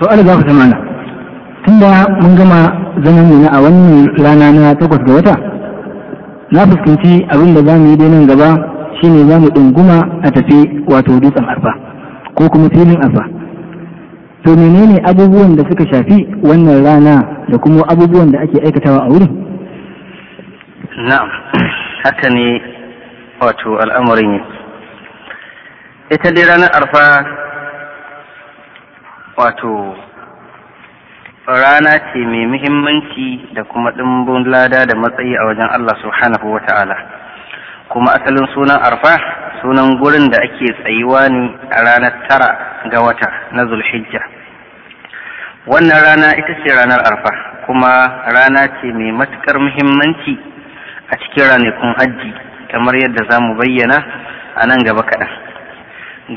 to ala za ku ta mana tun da mun gama zaman nuna a wannan rana na takwas ga wata na fuskanci abin da za mu yi dai nan gaba shine za mu ɗunguma a tafi wato dutsen arfa ko kuma filin arfa to menene abubuwan da suka shafi wannan rana da kuma abubuwan da ake aikatawa a wurin na'am haka ne wato al'amarin ita dai ranar arfa wato rana ce mai muhimmanci da kuma ɗimbin lada da matsayi a wajen Allah subhanahu wa ta'ala kuma asalin sunan arfa sunan gurin da ake tsayuwa ne a ranar tara ga wata na zulhijja wannan rana ita ce ranar arfa kuma rana ce mai matuƙar muhimmanci a cikin ranakun hajji kamar yadda za mu bayyana a nan gaba kaɗan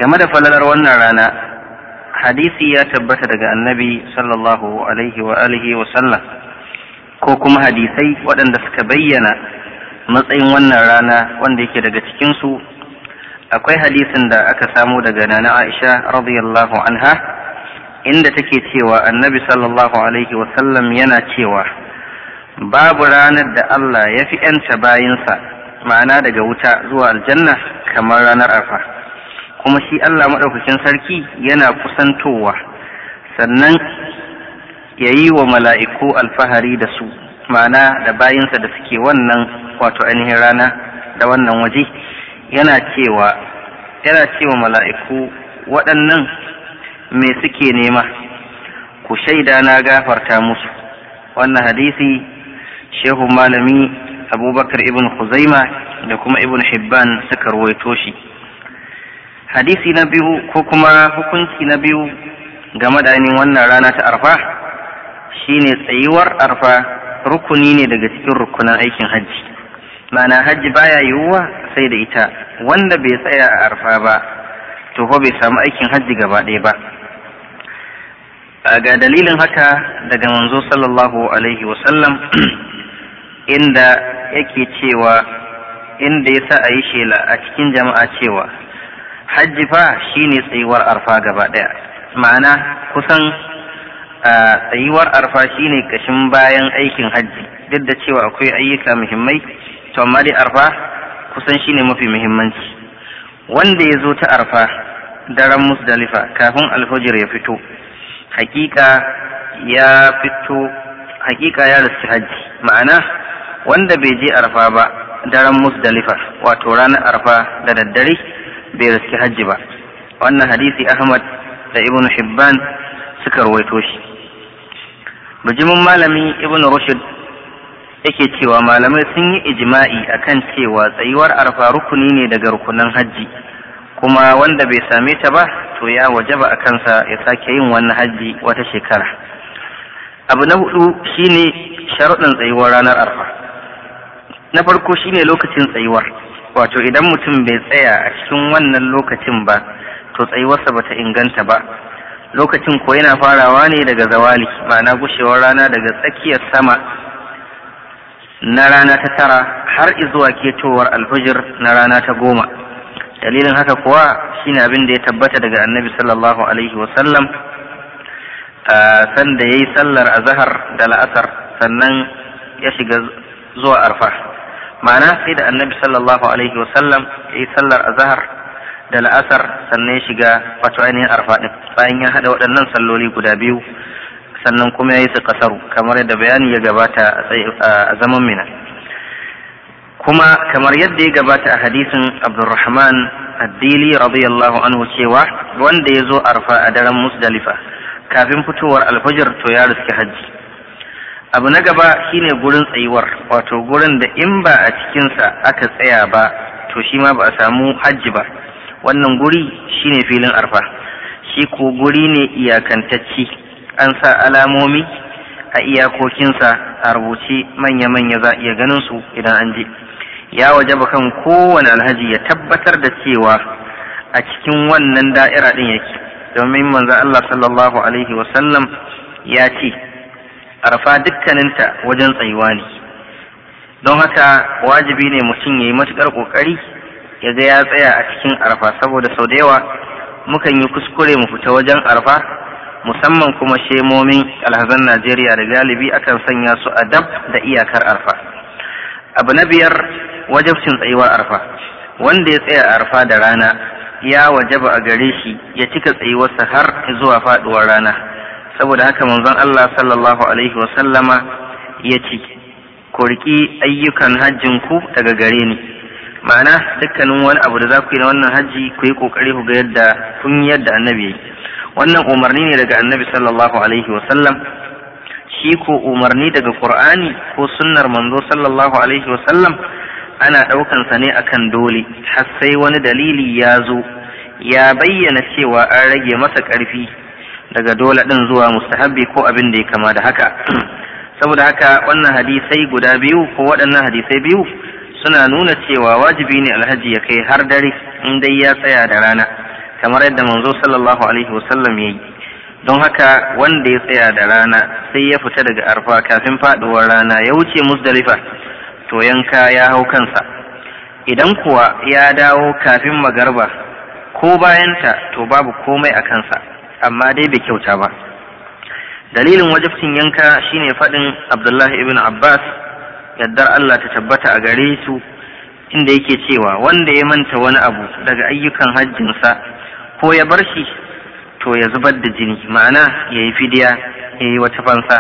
game da falalar wannan rana hadisi ya tabbata daga annabi sallallahu alaihi wa alihi wa sallam ko kuma hadisai waɗanda suka bayyana matsayin wannan rana wanda yake daga cikinsu akwai hadisin da aka samu daga nana aisha radiyallahu anha inda take cewa annabi sallallahu alaihi wa sallam yana cewa babu ranar da Allah ya fi ‘yanta bayinsa ma'ana daga wuta zuwa aljanna kamar ranar arfa. kuma shi Allah maɗaukakin sarki yana kusantowa sannan ya yi wa mala'iku alfahari da su mana da bayinsa da suke wannan wato ainihin rana da wannan waje yana cewa yana cewa mala'iku waɗannan me suke nema ku shaida na gafarta musu wannan hadisi shehu malami abubakar ibn huzaima da kuma ibn hibban suka ruwaito shi hadisi na biyu ko kuma hukunci na biyu game da ainihin wannan rana ta arfa shine tsayuwar arfa rukuni ne daga cikin rukunan aikin hajji ma'ana hajji baya yiwuwa sai da ita wanda bai tsaya a arfa ba to ko bai samu aikin hajji gaba ɗaya ba ga dalilin haka daga manzo sallallahu alaihi wasallam inda yake cewa inda ya sa a yi shela a cikin jama'a cewa hajji fa shine tsayuwar arfa gaba ɗaya ma'ana kusan tsayuwar arfa shine kashin bayan aikin hajji duk da cewa akwai ayyuka muhimmai to amma dai arfa kusan shine mafi muhimmanci wanda ya zo ta arfa daren musdalifa kafin alfajir ya fito hakika ya fito hakika ya rasu hajji ma'ana wanda bai je arfa ba daren musdalifa wato ranar arfa da daddare bai riski hajji ba wannan hadisi ahmad da ibn hibban suka ruwaito shi bijimin malami ibn rushd yake cewa malamai sun yi ijma'i akan cewa tsayuwar arfa rukuni ne daga rukunan hajji kuma wanda bai same ta ba to ya wajaba a kansa ya sake yin wannan hajji wata shekara abu na hudu shine sharuɗin tsayuwar ranar arfa na farko shine lokacin tsayuwar wato idan mutum bai tsaya a cikin wannan lokacin ba to tsayuwarsa ta inganta ba lokacin ko yana farawa ne daga zawali ma'ana gushewar rana daga tsakiyar sama na rana ta tara har zuwa ketowar alfijir na rana ta goma dalilin haka kuwa shine abin da ya tabbata daga annabi sallallahu alaihi wasallam sanda ya yi sallar azahar da la'asar sannan ya shiga zuwa arfa ma'ana sai da annabi sallallahu alaihi wasallam ya yi sallar azahar da la'asar sannan ya shiga wato ainihin arfa bayan ya haɗa waɗannan salloli guda biyu sannan kuma ya yi su kasaru kamar yadda bayani ya gabata a zaman mina kuma kamar yadda ya gabata a hadisin abdurrahman addili radiyallahu anhu cewa wanda ya zo arfa a daren musdalifa kafin fitowar alfajir to ya riski hajji abu na gaba shine gurin tsayuwar wato gurin da in ba a cikinsa aka tsaya ba to shi ma ba a samu hajji ba wannan guri shine filin arfa shi ko guri ne iyakantacci an sa alamomi a iyakokinsa a rubuce manya-manya za iya ganin su idan an je ya wajaba kan kowane alhaji ya tabbatar da cewa a cikin wannan da'ira din yake domin manzo Allah sallallahu alaihi wasallam ya ce arfa dukkaninta wajen tsayuwa ne don haka wajibi ne mutum ya yi matuƙar ƙoƙari ya ga ya tsaya a cikin arfa saboda sau da yawa mukan yi kuskure mu fita wajen arfa musamman kuma shemomin alhazan najeriya da galibi akan sanya su a dab da iyakar arfa abu na biyar wajabcin tsayuwar arfa wanda ya tsaya arfa da rana ya wajaba a gare shi ya cika tsayuwarsa har zuwa faɗuwar rana saboda haka manzon Allah sallallahu alaihi Sallama ya ce ku riƙi ayyukan hajjin ku daga gare ni ma'ana dukkanin wani abu da za ku yi na wannan hajji ku yi ƙoƙari ku ga yadda kun yadda annabi wannan umarni ne daga annabi sallallahu alaihi Sallam. shi ko umarni daga qur'ani ko sunnar manzo sallallahu alaihi Sallam? ana ɗaukan sa ne akan dole har sai wani dalili ya zo ya bayyana cewa an rage masa ƙarfi daga dole ɗin zuwa mustahabbi ko abin da ya kama da haka saboda haka wannan hadisai guda biyu ko waɗannan hadisai biyu suna nuna cewa wajibi ne alhaji ya kai har dare in dai ya tsaya da rana kamar yadda manzo sallallahu alaihi wasallam ya yi don haka wanda ya tsaya da rana sai ya fita daga arfa kafin faɗuwar rana ya wuce musdalifa to yanka ya hau kansa idan kuwa ya dawo kafin magarba ko bayanta to babu komai a kansa amma dai bai kyauta ba dalilin wajibcin yanka shine faɗin abdullahi ibn abbas yaddar allah ta tabbata a gare su inda yake cewa wanda ya manta wani abu daga ayyukan hajjinsa ko ya bar shi to ya zubar da jini ma'ana ya yi fidiya ya yi wata fansa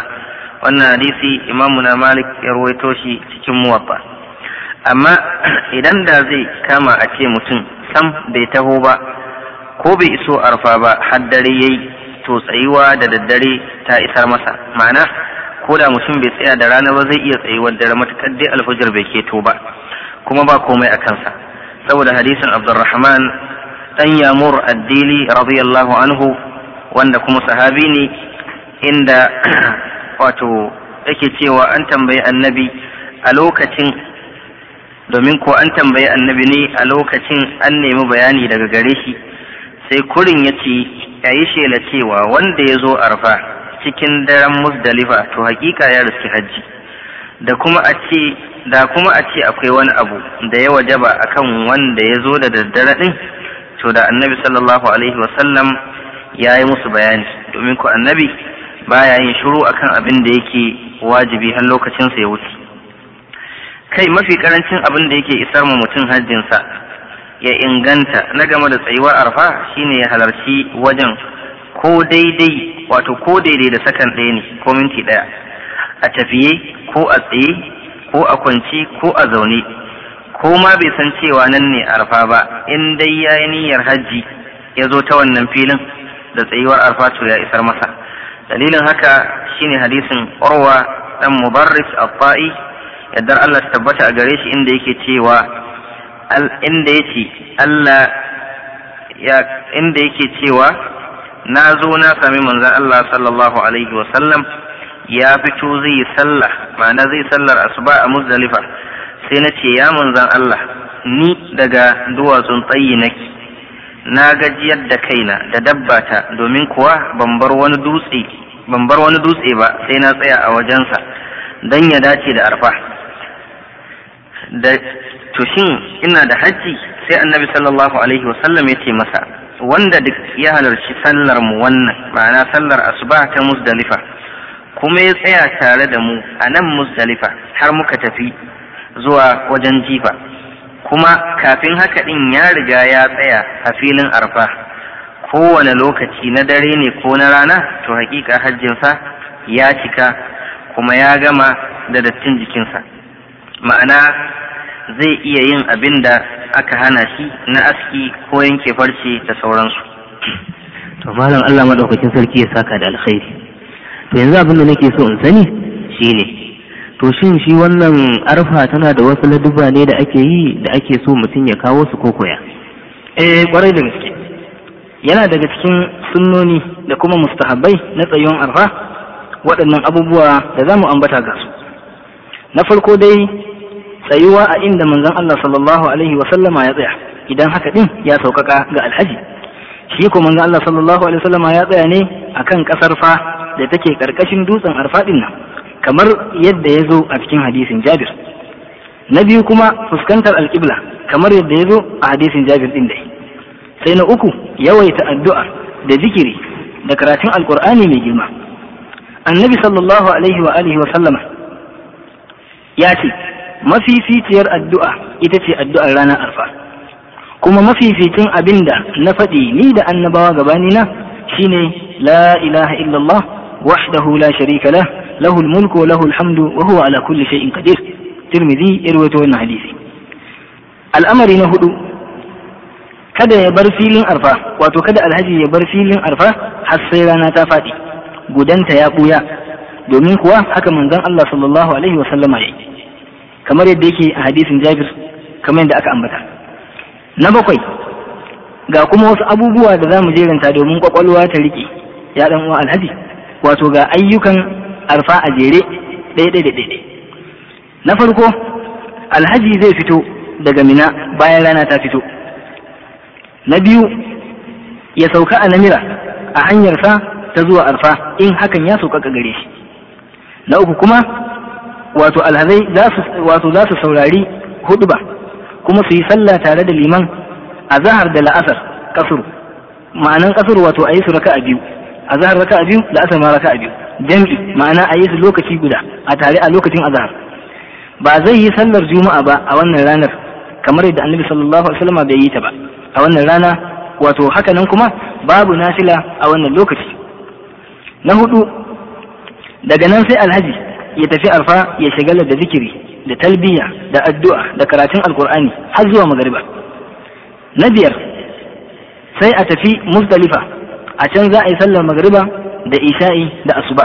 wannan hadisi imamuna malik ya ruwaito shi cikin muwabba amma idan da zai kama a ce mutum sam bai taho ba ko bai iso rufa ba har dare yayi to tsayuwa da daddare ta isar masa ma'ana ko da mutum bai tsaya da rana ba zai iya tsayuwar dare matukar dai alfajar bai keto ba kuma ba komai a kansa saboda hadisin abdurrahman dan yamur addili radiyallahu anhu wanda kuma sahabi ne inda wato yake cewa an tambayi annabi a lokacin domin ko an tambayi annabi ne a lokacin an nemi bayani daga gare shi sai kurin ya ce ya yi shela cewa wanda ya zo arfa cikin daren musdalifa to hakika ya riski hajji da kuma a ce akwai wani abu da ya wajaba akan wanda ya zo da daddare din to da annabi sallallahu alaihi wasallam ya yi musu bayani domin ku annabi baya yin shiru akan abin da yake wajibi har lokacin ya wuce kai mafi karancin abin da yake isar mu mutum hajjinsa ya inganta na game da tsayuwar arfa shine ya halarci wajen ko daidai wato ko daidai da sakan ɗaya ne ko minti ɗaya a tafiye ko a tsaye ko a kwanci ko a zaune ko ma bai san cewa nan ne arfa ba in dai ya yi niyyar hajji ya zo ta wannan filin da tsayuwar arfa to ya isar masa dalilin haka shine hadisin urwa dan mubarris afa'i, fai yaddar Allah ta tabbata a gare shi inda yake cewa inda yake Allah ya inda yake cewa na zo na sami manzon Allah sallallahu alaihi wa sallam ya fito zai sallah ma'ana zai sallar asuba a muzdalifa sai na ce ya manzon Allah ni daga duwatsun tsayi nake na gajiyar da kaina da dabba ta, domin kuwa ban bar wani dutse ba sai na tsaya a wajensa Dan ya dace da arfa to shin ina da hajji? sai annabi sallallahu alaihi wasallam ya ce masa wanda duk ya halarci sallar mu wannan ma'ana sallar asuba ta musdalifa kuma ya tsaya tare da mu a nan musdalifa har muka tafi zuwa wajen jifa kuma kafin haka din ya riga ya tsaya a filin arfa kowane lokaci na dare ne ko na rana to hakika hajjinsa ya cika kuma ya gama da dattin jikinsa ma'ana zai iya yin abin da aka hana shi na aski ko yanke farce da sauransu to malam Allah madaukakin sarki ya saka da alkhairi to yanzu abin da nake so in sani shine to shin shi wannan arfa tana da wasu laduba ne da ake yi da ake so mutum ya kawo su kokoya koya eh kwarai da gaske yana daga cikin sunnoni da kuma mustahabbai na tsayuwan arfa waɗannan abubuwa da za mu ambata ga su na farko dai tsayuwa a inda manzon Allah sallallahu alaihi wa sallama ya tsaya idan haka din ya saukaka ga alhaji shi ko manzon Allah sallallahu alaihi wa sallama ya tsaya ne akan kasar fa da take karkashin dutsen arfadin nan kamar yadda ya zo a cikin hadisin Jabir na biyu kuma fuskantar alƙibla kamar yadda ya zo a hadisin Jabir din dai sai na uku yawaita addu'a da zikiri da karatun alkur'ani mai girma annabi sallallahu alaihi wa alihi wa sallama ya ce mafificiyar addu'a ita ce addu'ar ranar arfa kuma mafificin abin da na faɗi ni da annabawa gabani na shine la ilaha illallah wahdahu la sharika lah lahul mulku wa lahul hamdu wa huwa ala kulli shay'in qadir tirmidhi wannan hadisi al'amari na hudu kada ya bar filin arfa wato kada alhaji ya bar filin arfa har sai rana ta faɗi gudanta ya ɓuya domin kuwa haka manzon Allah sallallahu alaihi wa sallama kamar yadda yake a hadisin jabir kamar yadda aka ambata na bakwai ga kuma wasu abubuwa da za mu jeranta domin kwakwalwa ta rike ya dan uwa alhaji wato ga ayyukan arfa a jere ɗaya ɗaya na farko alhaji zai fito daga mina bayan rana ta fito na biyu ya sauka a namira a hanyarsa ta zuwa arfa in hakan ya sauƙaƙa gare shi na uku kuma wato alhazai wato za su saurari huduba kuma su yi sallah tare da liman a zahar da la'asar kasuru ma'anan kasuru wato a yi su raka a biyu a zahar raka a biyu la'asar ma raka a biyu jam'i ma'ana a yi su lokaci guda a tare a lokacin azhar ba zai yi sallar juma'a ba a wannan ranar kamar yadda annabi sallallahu alaihi wasallam bai yi ta ba a wannan rana wato haka nan kuma babu nafila a wannan lokaci na hudu daga nan sai alhaji ya tafi arfa ya shagala da zikiri da talbiya da addu'a da karatun alkur'ani har zuwa magariba na biyar sai a tafi muzdalifa a can za a yi sallar magariba da isha'i da asuba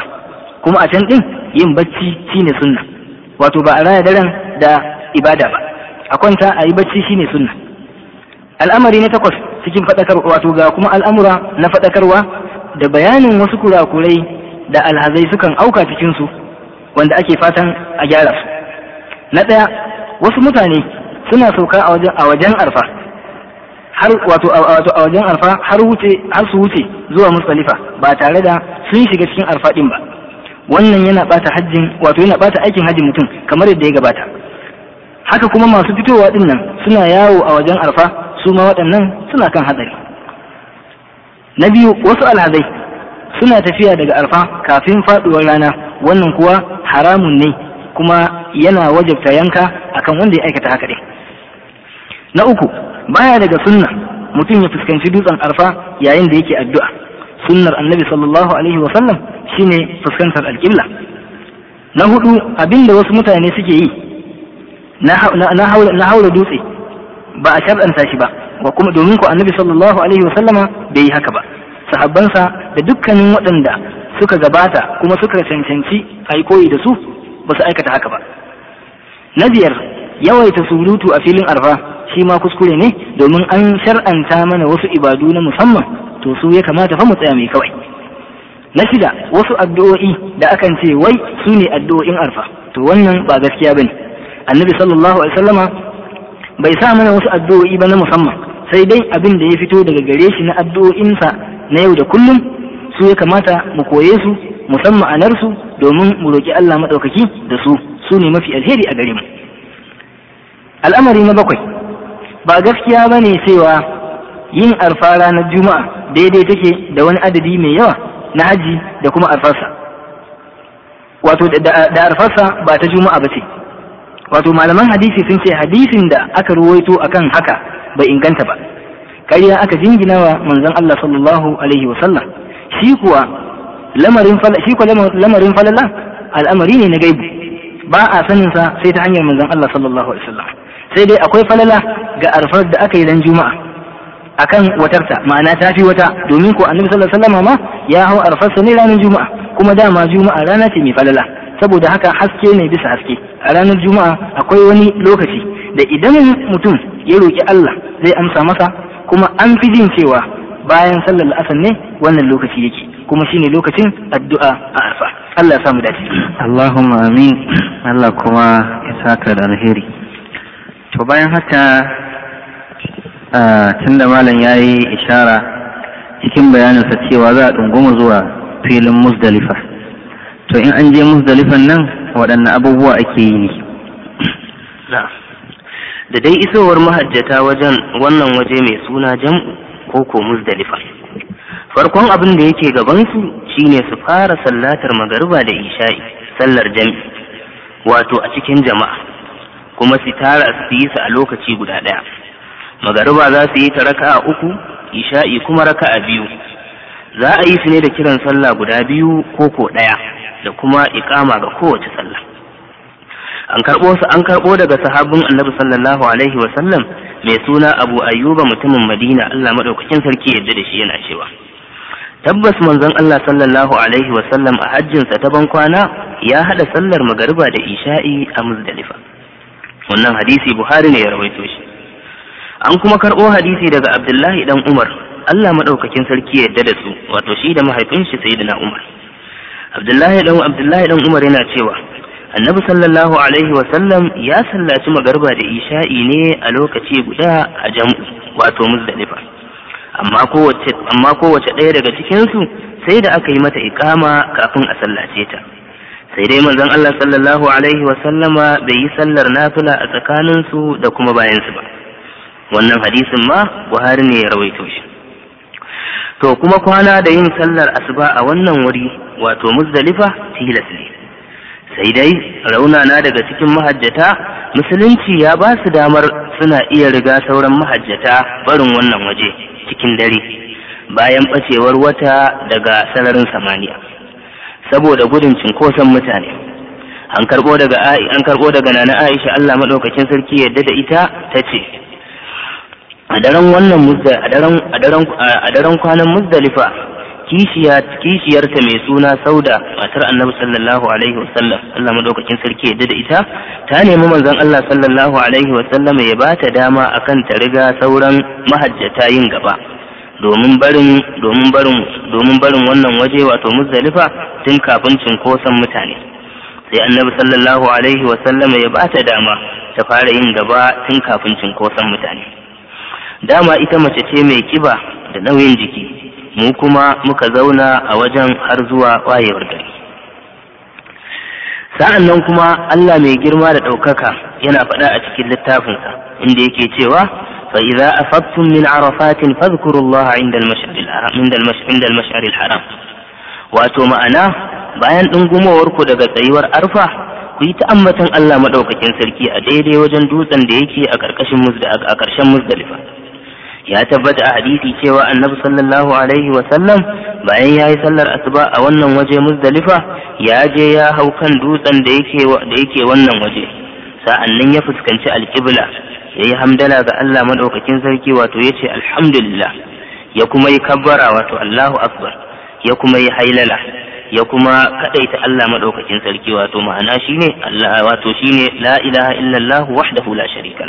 kuma a can din yin bacci shine sunna wato ba a raya daren da ibada ba a kwanta a yi bacci shine sunna al'amari na takwas cikin faɗakarwa wato ga kuma al'amura na faɗakarwa da bayanin wasu kurakurai da alhazai sukan auka cikinsu wanda ake fatan a gyara su na ɗaya wasu mutane suna sauka a wajen arfa har wato a wajen arfa har wuce har su wuce zuwa musalifa ba tare da sun shiga cikin arfa ɗin ba wannan yana bata hajjin wato yana bata aikin hajjin mutum kamar yadda ya gabata haka kuma masu fitowa din nan suna yawo a wajen arfa su ma waɗannan suna kan hatsari na biyu wasu alhazai suna tafiya daga arfa kafin faduwar rana wannan kuwa haramun ne kuma yana wajabta yanka akan wanda ya aikata haka dai na uku baya daga sunna mutum ya fuskanci dutsen arfa yayin da yake addu'a sunnar annabi sallallahu alaihi wa sallam shine fuskantar alƙibla na hudu abinda wasu mutane suke yi na haula dutse ba a shar'anta shi ba wa kuma domin ku annabi sallallahu alaihi wa sallama bai yi haka ba sahabbansa da dukkanin waɗanda suka gabata kuma suka cancanci a yi koyi da su ba su aikata haka ba na biyar yawaita surutu a filin arfa shi ma kuskure ne domin an shar'anta mana wasu ibadu na musamman to su ya kamata fa mu tsaya mai kawai na shida wasu addu'o'i da akan ce wai su ne addu'o'in arfa to wannan ba gaskiya bane annabi sallallahu alaihi wasallama bai sa mana wasu addu'o'i ba na musamman sai dai abin da ya fito daga gare shi na addu'o'insa na yau da kullum su ya kamata mu koye su musamman ma'anarsu domin mu roƙi Allah maɗaukaki da su su ne mafi alheri a gare mu al'amari na bakwai ba gaskiya ba ne cewa yin arfa na juma'a daidai take da wani adadi mai yawa na haji da kuma arfarsa wato da arfarsa ba ta juma'a ba ce wato malaman hadisi sun ce hadisin da aka ruwaito akan haka bai inganta ba ƙarya aka jingina wa manzon Allah sallallahu alaihi wa sallam shi kuwa lamarin falala shi kuwa lamarin falala al'amari ne na gaibu ba a sanin sa sai ta hanyar manzon Allah sallallahu alaihi wa sallam sai dai akwai falala ga arfar da aka yi dan juma'a akan watarta ma'ana ta fi wata domin ko annabi sallallahu alaihi wa sallam ma ya hau arfarsa ne ranar juma'a kuma dama juma'a rana ce mai falala saboda haka haske ne bisa haske a ranar juma'a akwai wani lokaci da idan mutum ya roki Allah zai amsa masa kuma an fi jin cewa bayan sallar la'asar ne wannan lokaci yake kuma shine lokacin addu'a a arfa Allah ya samu dace Allahumma amin Allah kuma ya saka da alheri to bayan haka tunda malam yayi ishara cikin bayaninsa cewa za a dunguma zuwa filin musdalifa to in an je musdalifan nan waɗanne abubuwa ake yi ne da dai isowar mahajjata wajen wannan waje mai suna jam'u ko ko muzdalifa farkon abin da yake gabansu shine su fara sallatar magariba da isha'i sallar jam'i wato a cikin jama'a kuma su tara su yi su a lokaci guda ɗaya magariba za su yi ta raka'a uku isha'i kuma raka'a biyu za a yi su ne da kiran sallah guda biyu ko ko ɗaya da kuma iƙama ga kowace sallah an karbo su an karbo daga sahabin annabi sallallahu alaihi wasallam mai suna abu ayyuba mutumin madina allah maɗaukakin sarki yadda da shi yana cewa tabbas manzon allah sallallahu alaihi wasallam a hajjinsa ta ban kwana ya haɗa sallar magariba da isha'i a muzdalifa wannan hadisi buhari ne ya rawaito shi an kuma karbo hadisi daga abdullahi dan umar allah maɗaukakin sarki yadda da su wato shi da mahaifin shi sayyidina umar abdullahi dan abdullahi dan umar yana cewa annabi sallallahu alaihi wasallam ya sallaci magarba da isha'i ne a lokaci guda a jam'u wato muzdalifa amma kowace amma kowace ɗaya daga cikinsu sai da aka yi mata ikama kafin a sallace ta sai dai manzon Allah sallallahu alaihi wasallama bai yi sallar nafila a tsakaninsu da kuma bayansu ba wannan hadisin ma Buhari ne ya rawaito shi to kuma kwana da yin sallar asuba a wannan wuri wato muzdalifa tilas ne sai dai raunana daga cikin mahajjata musulunci ya ba su damar suna iya riga sauran mahajjata barin wannan waje cikin dare bayan ɓacewar wata daga sararin samaniya saboda gudun cinkoson mutane an karɓo daga an nana aisha allah maɗaukacin sarki yadda da ita ta ce a daren wannan a daren kwanan muzdalifa kishiyarta mai suna sauda matar annabi sallallahu alaihi wasallam Allah madaukakin sarki yadda da ita ta nemi manzon Allah sallallahu alaihi wasallam ya bata dama akan ta riga sauran mahajjata yin gaba domin barin domin barin domin barin wannan waje wato muzdalifa tun kafin cinkoson mutane sai annabi sallallahu alaihi wasallam ya bata dama ta fara yin gaba tun kafin cinkoson mutane dama ita mace ce mai kiba da nauyin jiki mu kuma muka zauna a wajen har zuwa wayewar gari sa'an nan kuma Allah mai girma da ɗaukaka yana faɗa a cikin littafinsa inda yake cewa Fa'iza a afattum min arafatin fadhkurullaha inda al haram wato ma'ana bayan dungumowar daga tsayuwar arfa ku yi ta'ammatan Allah maɗaukakin sarki a daidai wajen dutsen da yake a a ƙarshen muzdalifa ya tabbata a hadisi cewa annabi sallallahu alaihi wasallam bayan ya yi sallar asuba a wannan waje muzdalifa ya je ya hau kan dutsen da yake wannan waje sa'annan ya fuskanci alƙibla ya yi hamdala ga Allah maɗaukakin sarki wato ya ce alhamdulillah ya kuma yi kabbara wato Allahu akbar ya kuma yi hailala ya kuma kaɗaita Allah maɗaukakin sarki wato ma'ana shine Allah wato shine la ilaha illallah wahdahu la sharika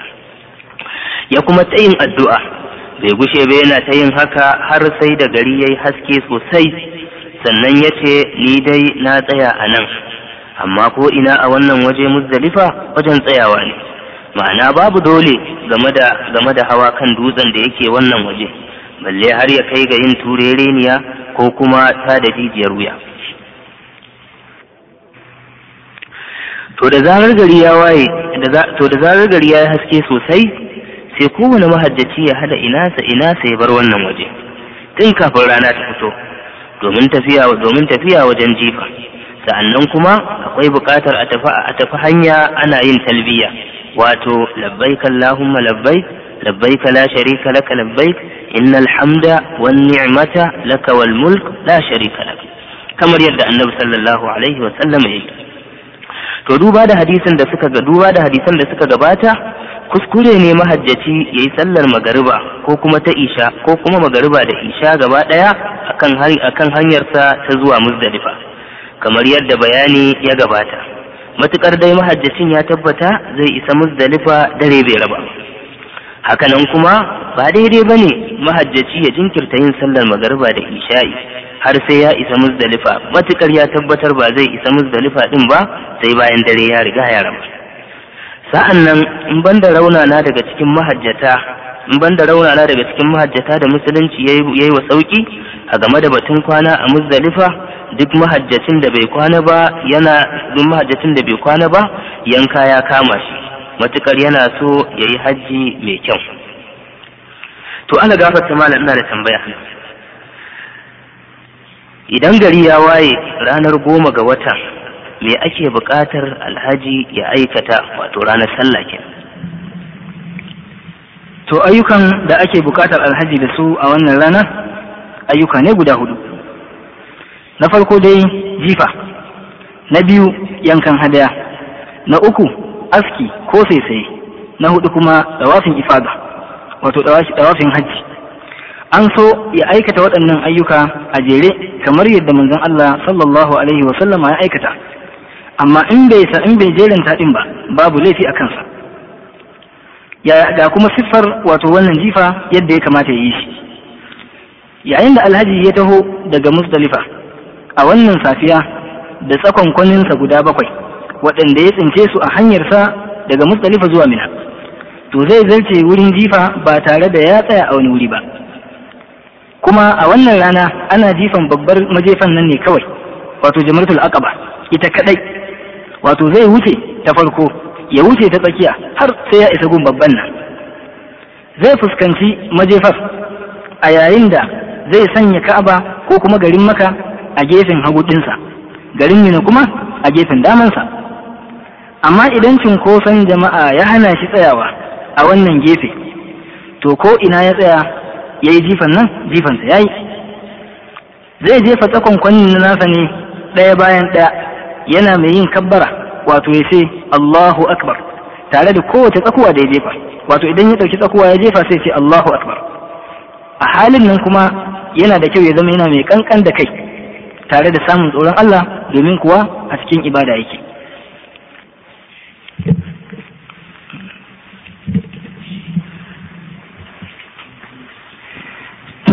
ya kuma ta yin addu'a bai gushe ba yana ta yin haka har sai da gari ya yi haske sosai sannan ya ce ni dai na tsaya a nan amma ko ina a wannan waje muzdalifa wajen tsayawa ne ma'ana babu dole game da hawa kan dutsen da yake wannan waje balle har ya kai ga yin turereniya ko kuma ta da jijiyar wuya to da zarar gari ya waye to da zarar gari ya haske sosai sai kowane mahajjaci ya hada ina sa ina sa ya bar wannan waje tun kafin rana ta fito domin tafiya domin tafiya wajen jifa sa'annan kuma akwai buƙatar a tafi a tafi hanya ana yin talbiya wato labbaik allahumma labbaik labbaik la sharika laka labbaik innal hamda wan ni'mata laka wal mulk la sharika lak kamar yadda annabi sallallahu alaihi wa sallam ya yi to duba da hadisin da suka ga duba da hadisan da suka gabata kuskure ne mahajjaci ya yi sallar magariba ko kuma ta isha ko kuma magariba da isha gaba ɗaya kan hanyarsa ta zuwa muzdalifa kamar yadda bayani ya gabata matukar dai mahajjacin ya tabbata zai isa muzdalifa dare bai raba hakanan kuma ba daidai ba ne mahajjaci ya jinkirta yin sallar magariba da isha'i har sai ya isa muzdalifa matukar ya tabbatar ba zai isa muzdalifa ɗin ba sai bayan dare ya riga ya raba sa'an nan in ban da raunana daga cikin mahajjata in ban da na daga cikin mahajjata da musulunci ya yi wa sauƙi a game da batun kwana a muzdalifa duk mahajjacin da bai kwana ba yana duk mahajjacin da bai kwana ba yanka ya kama shi matukar yana so ya yi hajji mai kyau to ana gafarta malam ina da tambaya idan gari ya waye ranar goma ga wata me ake buƙatar alhaji ya aikata wato ranar sallah ke to ayyukan da ake buƙatar alhaji da su a wannan ranar ayyuka ne guda hudu na farko dai jifa na biyu yankan hadaya na uku aski ko saisaye na hudu kuma dawafin ifada wato dawafin hajji an so ya aikata waɗannan ayyuka a jere kamar yadda manzon Allah sallallahu alaihi wa ya aikata amma in bai in bai jeranta din ba babu laifi a kansa ya ga kuma siffar wato wannan jifa yadda ya kamata ya yi shi yayin da alhaji ya taho daga musdalifa a wannan safiya da tsakon kwaninsa guda bakwai waɗanda ya tsince su a hanyarsa daga musdalifa zuwa mina to zai zarce wurin jifa ba tare da ya tsaya a wani wuri ba kuma a wannan rana ana jifan babbar majefan nan ne kawai wato jamaratul aqaba ita kadai wato zai wuce ta farko ya wuce ta tsakiya har sai ya isa gun babban nan zai fuskanci majefar a yayin da zai sanya ka'aba ko kuma garin maka a gefen hagu ɗinsa garin ne kuma a gefen damansa amma idan cinkoson jama'a ya hana shi tsayawa a wannan gefe to ko ina ya tsaya ya yi jifan nan jifansa ya yi zai jefa tsakon kwanin nasa ne ɗaya bayan ɗaya yana mai yin kabbara wato ya ce Allahu akbar tare da kowace tsakuwa da ya jefa wato idan ya ɗauki tsakuwa ya jefa sai ce Allahu akbar a halin nan kuma yana da kyau ya zama yana mai kankan da kai tare da samun tsoron Allah domin kuwa a cikin ibada yake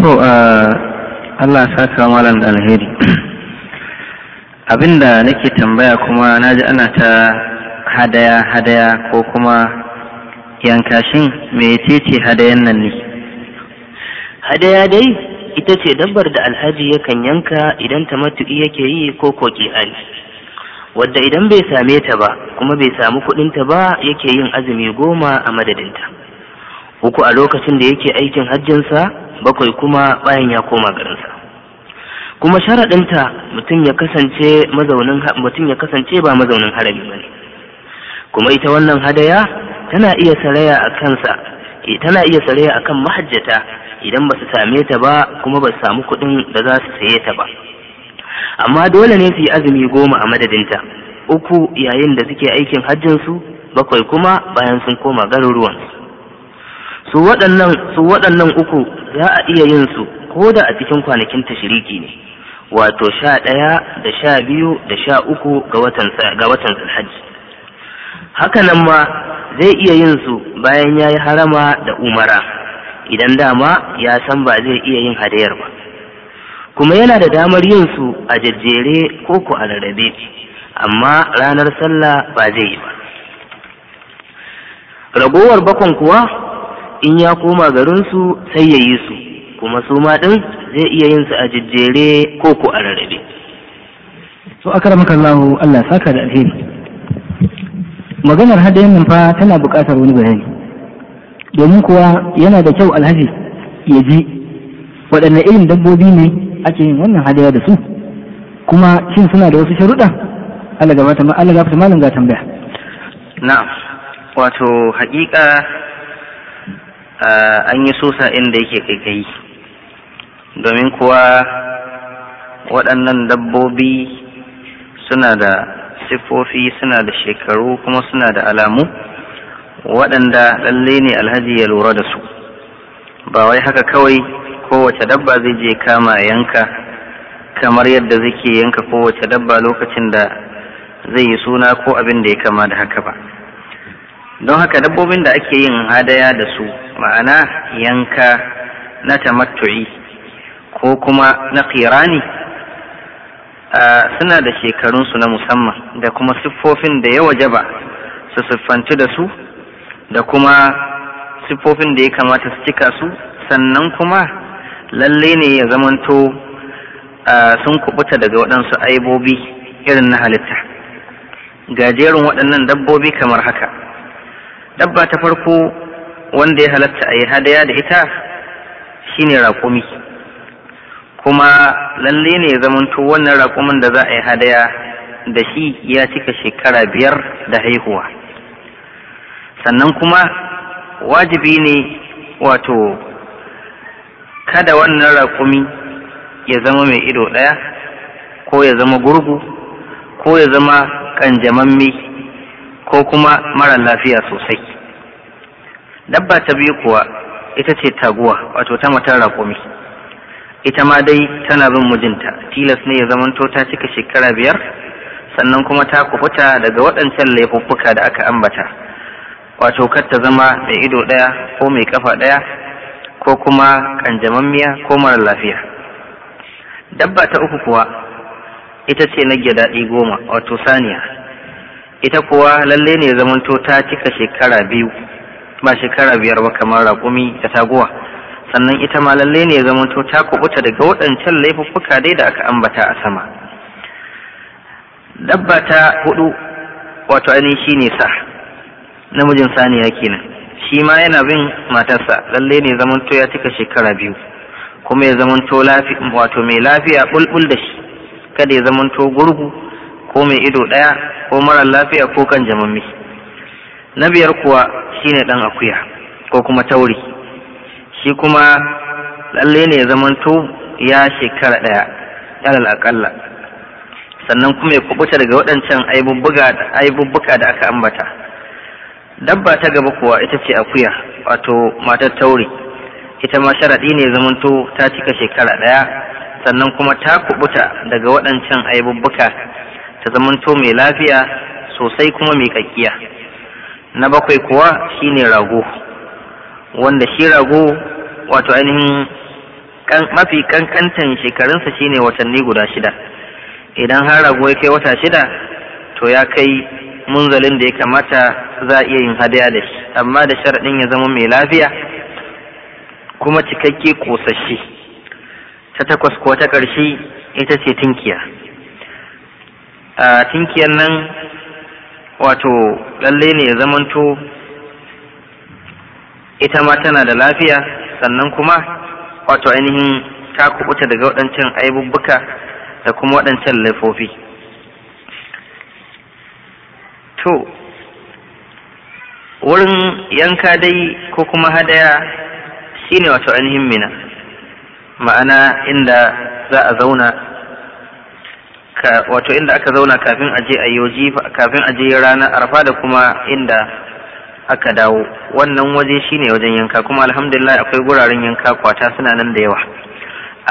to ah, Allah saka malam da alheri abinda nake tambaya kuma na ji ana ta hadaya hadaya ko kuma yankashin ce hadayan nan ne hadaya dai ita ce dabbar da alhaji yakan yanka idan ta matuƙi yake yi ko koki Ali, wadda idan bai same ta ba kuma bai samu ta ba yake yin azumi goma a madadinta uku a lokacin da yake aikin hajjinsa bakwai kuma bayan ya koma garinsa kuma sharaɗinta mutum ya kasance mazaunin mutum ya kasance ba mazaunin harami ba ne kuma ita wannan hadaya tana iya saraya a kansa e, tana iya saraya a kan mahajjata idan ba su same ta ba kuma ba su samu kuɗin da za su saye ta ba amma dole ne su yi azumi goma a madadinta uku yayin da suke aikin hajjinsu bakwai kuma bayan sun koma garuruwansu su waɗannan su waɗannan uku za a iya yin su ko da a cikin kwanakin tashiriki ne wato sha ɗaya da sha biyu da sha uku ga watan zulhajji hakanan ma zai iya yin su bayan ya yi harama da umara idan dama ya san ba zai iya yin hadayar ba kuma yana da damar yin su a jajjere ko ku a rarrabe amma ranar sallah ba zai yi ba ragowar bakon kuwa in ya koma garinsu sai ya yi su kuma su ma ɗin zai iya yin su a jejjere ko ku a rarrabe to akaramaka Allah Allah saka da alheri maganar hadayen nan fa tana buƙatar wani bayani domin kuwa yana da kyau alhaji ya ji waɗanne irin dabbobi ne ake yin wannan hadaya da su kuma shin suna da wasu sharuɗa Allah gabata ma Allah ta malam ga tambaya na'am wato haƙiƙa ah, an yi sosa inda yake kai kai domin kuwa waɗannan dabbobi suna da siffofi suna da shekaru kuma suna da alamu waɗanda lalle ne alhaji ya lura da su ba wai haka kawai kowace dabba zai je kama yanka kamar yadda zai yanka kowace dabba lokacin da zai yi suna ko abin da ya kama da haka ba don haka dabbobin da ake yin hadaya da su ma'ana yanka na tamattu'i ko kuma na kirani suna da shekarunsu na musamman da kuma siffofin da ya waje ba su siffanci da su da kuma siffofin da ya kamata su cika su sannan kuma lalle ne ya zamanto sun kubuta daga waɗansu aibobi irin na halitta gajerun waɗannan dabbobi kamar haka dabba ta farko wanda ya halatta a yi hadaya da ita shine raƙumi kuma lalle ne zamanto wannan raƙumin da za a yi hadaya da shi ya cika shekara biyar da haihuwa sannan kuma wajibi ne wato kada wannan raƙumi ya zama mai ido ɗaya ko ya zama gurgu ko ya zama ƙanjamamme ko kuma mara lafiya sosai dabba ta biyu kuwa ita ce taguwa wato ta matan raƙumi ita ma dai tana bin mijinta tilas ne ya zamanto ta cika shekara biyar sannan kuma ta kufuta daga waɗancan laifuffuka da aka ambata wato kar ta zama mai ido ɗaya ko mai kafa ɗaya ko kuma kanjamammiya ko mara lafiya dabba ta uku kuwa ita ce na daɗi goma wato saniya ita kuwa lalle ne zamanto ta cika shekara biyu ba shekara biyar ba kamar raƙumi da taguwa sannan ita ma lalle ne ya zamanto ta kubuta daga waɗancan laifuffuka dai da aka ambata a sama dabba ta hudu wato ainihin shi ne sa namijin saniya kenan shi ma yana bin matarsa lalle ne zamanto ya cika shekara biyu kuma ya zamanto wato mai lafiya bulbul da shi kada ya zamanto gurgu ko mai ido ɗaya ko mara lafiya ko kan jamammi na biyar kuwa shine ɗan akuya ko kuma tauri shi kuma lalle ne ya to ya shekara ɗaya alal aƙalla sannan kuma ya kubuta daga waɗancan aibubbuka da aka ambata dabba ta gaba kuwa ita ce akuya wato matar tauri ita ma sharaɗi ne to ta cika shekara ɗaya sannan kuma ta kubuta daga waɗancan aibubuka ta zamanto mai lafiya sosai kuma mai ƙaƙƙiya. na bakwai kuwa shine rago wanda shi rago wato ainihin mafi kankantan shekarunsa shine watanni guda shida idan har rago ya kai wata shida to ya kai munzalin da ya kamata za a iya yin hadaya da shi amma da sharaɗin ya zama mai lafiya kuma cikakke ƙosashe ta takwas ko ta ƙarshe ita ce tinkiya a tinkiyar nan wato lalle ne ya zamanto ita ma tana da lafiya sannan kuma wato ainihin ta kubuta daga waɗancan aibubbuka da kuma waɗancan laifofi to wurin yanka dai ko kuma hadaya shine wato ainihin mina ma'ana inda za a zauna wato inda aka zauna kafin aje a kafin aje rana arfa da kuma inda aka dawo wannan waje shine wajen yanka kuma alhamdulillah akwai guraren yanka kwata suna nan da yawa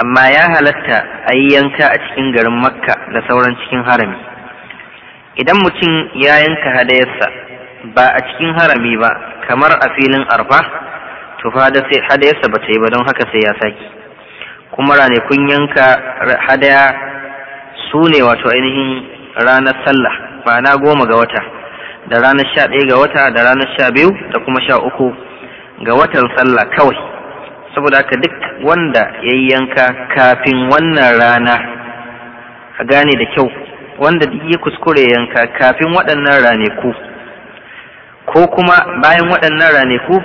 amma ya halatta a yi yanka a cikin garin makka da sauran cikin harami idan mutum ya yanka hadayarsa ba a cikin harami ba kamar a filin arfa to hadayarsa ba ta yi ba don haka sai ya sake kuma ranakun yanka hadaya su ne wato ainihin ranar sallah ba goma ga wata da ranar sha ɗaya ga wata da ranar sha biyu da kuma sha uku ga watan sallah kawai saboda haka duk wanda ya yi yanka kafin wannan rana a gane da kyau wanda duk ya kuskure yanka kafin waɗannan raneku ko kuma bayan waɗannan raneku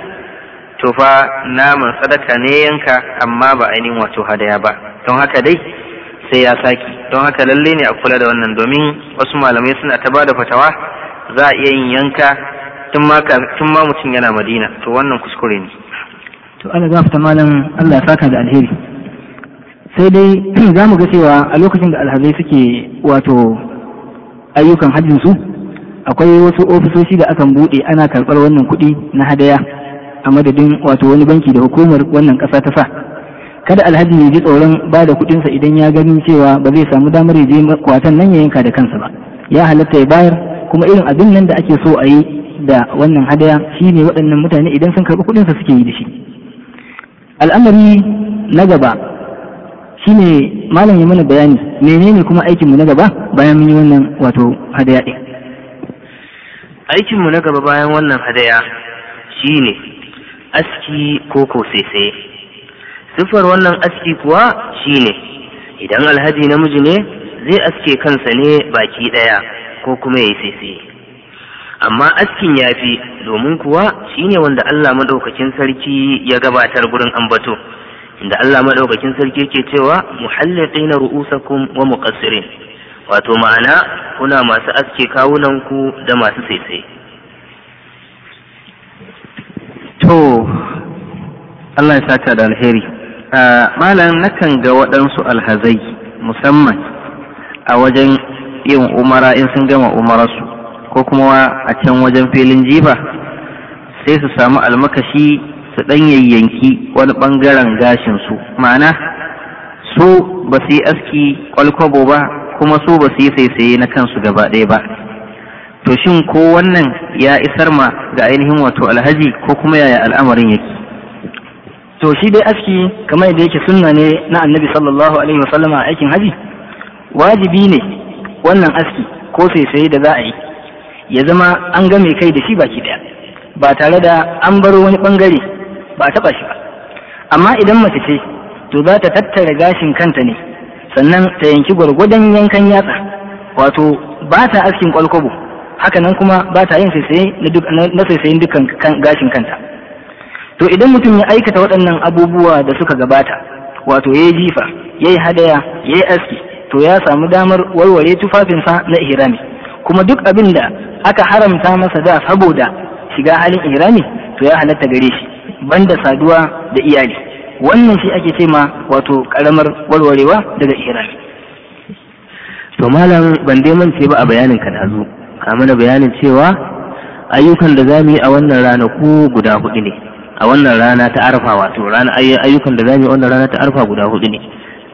to fa naman sadaka ne yanka amma ba ainihin wato hadaya ba don haka dai sai ya saki don haka lalle ne a kula da wannan domin wasu malamai suna ta da fatawa za a iya yin yanka tun ma mutum yana madina to wannan kuskure ne to Allah fita malam Allah ya saka da alheri sai dai za mu ga cewa a lokacin da alhazai suke wato ayyukan hajjinsu akwai wasu ofisoshi da akan buɗe ana karɓar wannan kuɗi na hadaya a madadin wato wani banki da hukumar wannan ƙasa ta sa kada alhaji ya ji tsoron ba da kuɗinsa idan ya gani cewa ba zai samu damar ya je kwatan nan ya yanka da kansa ba ya halatta ya bayar kuma irin abin nan da ake so a yi da wannan hadaya shi ne waɗannan mutane idan sun karɓi kuɗinsa suke yi da shi al'amari na gaba shi ne malam ya mana bayani menene kuma aikinmu na gaba bayan mun yi wannan wato hadaya ɗin aikinmu na gaba bayan wannan hadaya shi ne aski ko ko sai-sai. siffar wannan aski kuwa shi ne idan alhaji namiji ne zai aske kansa ne baki ɗaya ko kuma ya yi saisaye amma askin ya fi domin kuwa shi ne wanda Allah maɗaukakin sarki ya gabatar gurin ambato inda Allah maɗaukakin sarki ke cewa muhalliqina ru'usakum wa muqassirin wato ma'ana kuna masu aske kawunan da masu sese to Allah ya saka da alheri ah, malam nakan ga waɗansu alhazai musamman a wajen yin umara in sun gama umararsu ko kuma a can wajen filin jifa sai su samu almakashi su ɗan yayyanki wani ɓangaren gashinsu ma'ana su ba su yi aski kwalkwabo ba kuma su ba su yi saisaye na kansu gaba ɗaya ba to shin ko wannan ya isar ma ga ainihin wato alhaji ko kuma yaya al'amarin yake to shi dai aski kamar yadda yake sunna ne na annabi sallallahu alaihi wasallama aikin haji wajibi ne wannan aski ko sai-sai da za a yi ya zama an ga mai kai da shi baki daya ba tare da an baro wani bangare ba taba shi ba amma idan mace ce to za ta tattara gashin kanta ne sannan ta yanki gwargwadon yankan yatsa wato ba ta askin kwalkwabo hakanan kuma ba ta yin sai na sai dukkan gashin kanta to idan mutum ya aikata waɗannan abubuwa da suka gabata wato ya yi jifa ya yi hadaya ya yi aski to ya samu damar warware tufafinsa na ihrami kuma duk abin da aka haramta masa da saboda shiga halin ihrami to ya halatta gare shi banda saduwa da iyali wannan shi ake ce ma wato karamar warwarewa daga ihrami to malam ban dai mance ba a bayanin ka da zo mana bayanin cewa ayyukan da zamu yi a wannan rana ko guda hudu ne a wannan rana ta arfa wato rana ayyukan da zamu yi a wannan rana ta arfa guda hudu ne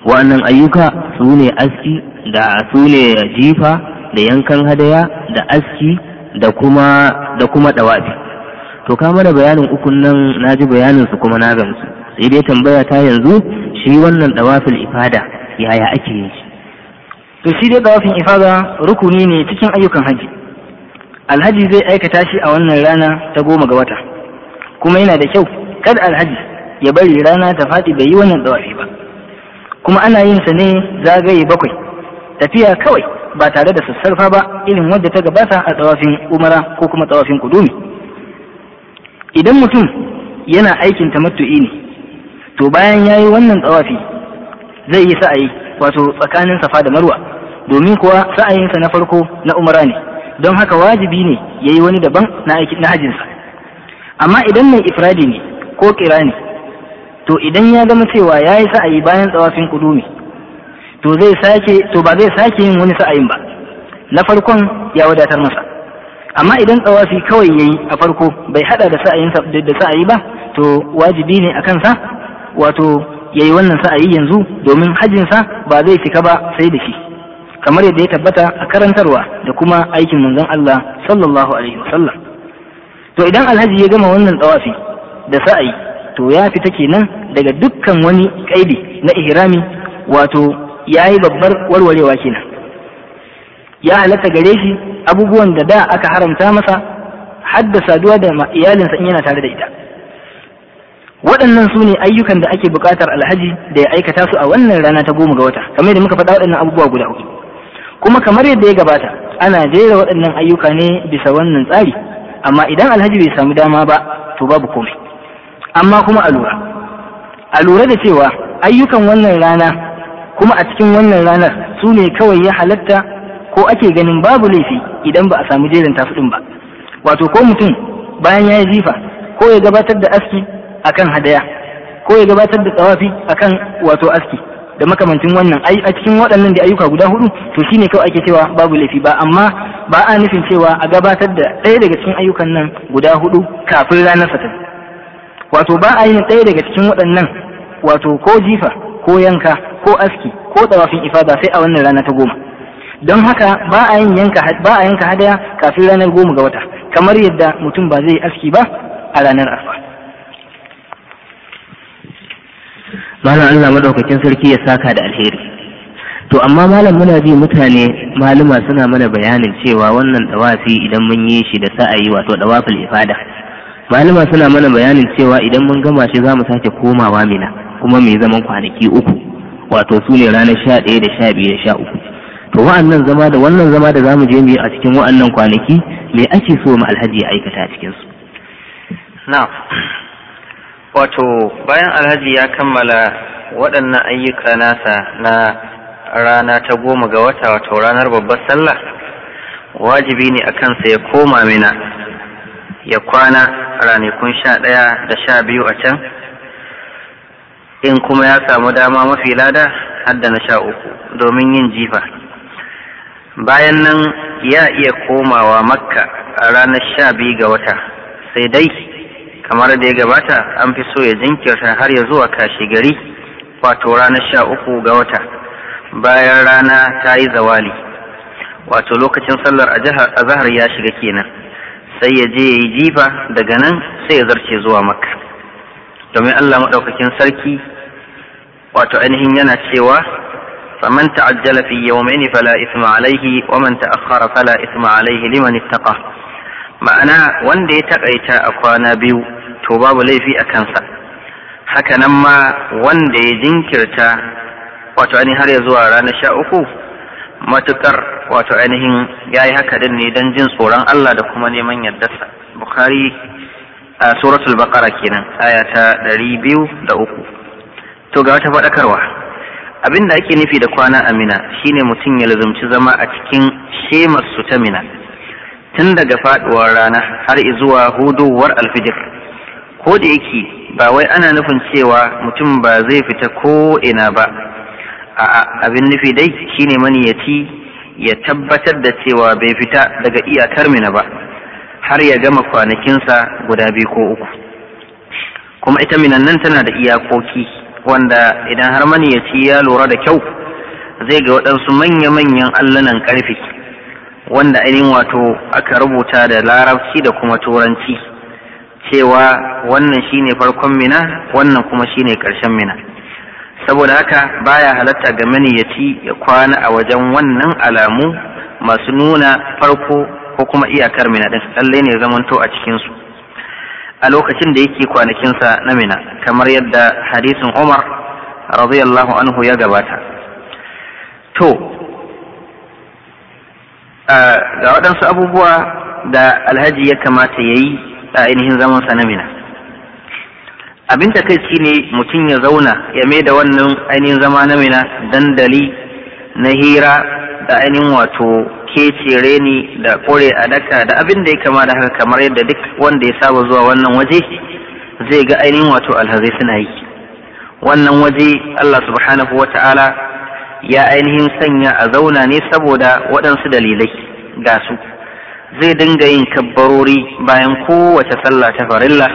wa'annan ayyuka su ne aski da su ne jifa da yankan hadaya da aski da kuma da kuma dawafi to ka mana bayanin ukun nan naji bayanin su kuma na gamsu sai dai tambaya ta yanzu shi wannan dawafil ifada yaya ake yin shi to shi dai dawafin ifada rukuni ne cikin ayyukan haji alhaji zai aikata shi a wannan rana ta goma ga wata kuma yana da kyau kada alhaji ya bari rana ta faɗi bai yi wannan dawafi ba kuma ana yin sa ne zagaye bakwai tafiya kawai ba tare da sassarfa ba irin wadda ta gabata a tsawafin umara ko kuma tsawafin kudumi idan mutum yana aikin tamattu'i ne to bayan ya yi wannan tsawafi zai yi sa'ayi wato tsakanin safa da marwa domin kuwa sa'ayinsa na farko na umara ne don haka wajibi ne ya yi wani daban na hajinsa amma idan mai ifradi ne ko kira ne to idan ya gama cewa ya yi sa'ayi bayan tsawafin kudumi to zai sake to ba zai sake yin wani sa'ayin ba na farkon ya wadatar masa amma idan tsawafi kawai yayi a farko bai hada da sa'ayin da sa'ayi ba to wajibi ne a kansa wato yayi wannan sa'ayi yanzu domin hajjin sa ba zai cika ba sai da shi kamar yadda ya tabbata a karantarwa da kuma aikin manzon Allah sallallahu alaihi wasallam to idan alhaji ya gama wannan tsawafi da sa'ayi to ya fita kenan daga dukkan wani kaidi na ihrami wato ya yi babbar warwarewa kenan ya halatta gare shi abubuwan da da aka haramta masa hadda saduwa da iyalinsa in yana tare da ita waɗannan su ne ayyukan da ake buƙatar alhaji da ya aikata su a wannan rana ta goma ga wata kamar yadda muka faɗa waɗannan abubuwa guda uku. kuma kamar yadda ya gabata ana jera waɗannan ayyuka ne bisa wannan tsari amma idan alhaji bai samu dama ba to babu komai amma kuma a lura a lura da cewa ayyukan wannan rana kuma a cikin wannan ranar su ne kawai ya halatta ko ake ganin babu laifi idan ba a samu jerin tafiɗin ba wato ko mutum bayan ya yi jifa ko ya gabatar da aski akan hadaya ko ya gabatar da tsawafi akan wato aski da makamancin wannan a cikin waɗannan da ayyuka guda hudu to shine kawai ake cewa babu laifi ba amma ba a nufin cewa a gabatar da ɗaya daga cikin ayyukan nan guda hudu kafin ranar fatan wato ba a yin ɗaya daga cikin waɗannan wato ko jifa ko yanka ko aski ko tsawafin ifada sai a wannan rana ta goma don haka ba a yin yanka ba a yanka hadaya kafin ranar goma ga wata kamar yadda mutum ba zai yi aski ba a ranar arfa malam Allah madaukakin sarki ya saka da alheri to amma malam muna bi mutane malama suna mana bayanin cewa wannan dawasi idan mun yi shi da sa'ayi wato dawafin ifada malama suna mana bayanin cewa idan mun gama shi za mu sake komawa mina kuma mai zaman kwanaki uku wato su ne ranar sha ɗaya da sha biyu da sha uku to wa'annan zama da wannan zama da za mu je mu a cikin wa'annan kwanaki me ake so mu alhaji ya aikata a cikin su na wato bayan alhaji ya kammala waɗannan ayyuka nasa na rana ta goma ga wata wato ranar babbar sallah wajibi ne a kansa ya koma mina ya kwana ranakun sha ɗaya da sha biyu a can in kuma ya samu dama mafi lada hadda na sha uku domin yin jifa bayan nan ya iya komawa makka a ranar sha biyu ga wata sai dai kamar da ya gabata an fi so ya jinkirta har ya zuwa kashi gari wato ranar sha uku ga wata bayan rana ta yi zawali wato lokacin sallar a zahar ya shiga kenan سيدي ya je ya yi jifa daga nan sai ya zarce zuwa makka domin yana cewa فمن تعجل في يومين فلا إثم عليه ومن تأخر فلا إثم عليه لمن اتقى معنى وان دي تقيتا أقوانا بيو توباب لي في أكنسا حكا نما وان دي جنكرتا وتعني هل يزوى رانا شاء matukar wato ainihin ya yi haka din ne don jin tsoron Allah da kuma neman yardarsa Bukhari a suratul baqara kenan aya ta ɗari biyu da uku to ga wata faɗakarwa abin da ake nufi da kwana a Minna shine mutum ya lazumci zama a cikin shemar su ta mina tun daga faɗuwar rana har zuwa huduwar alfijir ko da yake ba wai ana nufin cewa mutum ba zai fita ko ina ba A'a, abin nufi dai shine maniyyaci ya tabbatar da cewa bai fita daga iyakar mina ba har ya gama kwanakinsa guda biyu ko uku kuma ita minan nan tana da iyakoki wanda idan har maniyyaci ya lura da kyau zai ga waɗansu manya-manyan allanan ƙarfi wanda ainihin wato aka rubuta da larabci da kuma turanci cewa wannan shine farkon mina wannan kuma shine ƙarshen mina saboda haka baya halatta ga maniyaci ya kwana a wajen wannan alamu masu nuna farko ko kuma iyakar mina din lallai ne zamanto a cikinsu a lokacin da yake kwanakinsa na mina kamar yadda hadisin umar radiyallahu anhu ya gabata to ga waɗansu abubuwa da alhaji ya kamata ya yi a ainihin zamansa na mina abin da kai ne mutum ya zauna ya mai da wannan ainihin zama na mina dandali na hira da ainihin wato kecere ni da kore a daka da abin da ya kama da haka kamar yadda duk wanda ya saba zuwa wannan waje zai ga ainihin wato alhazai suna yi wannan waje Allah subhanahu wa ta'ala ya ainihin sanya a zauna ne saboda waɗansu dalilai ga su zai dinga yin kabbarori bayan kowace sallah ta farilla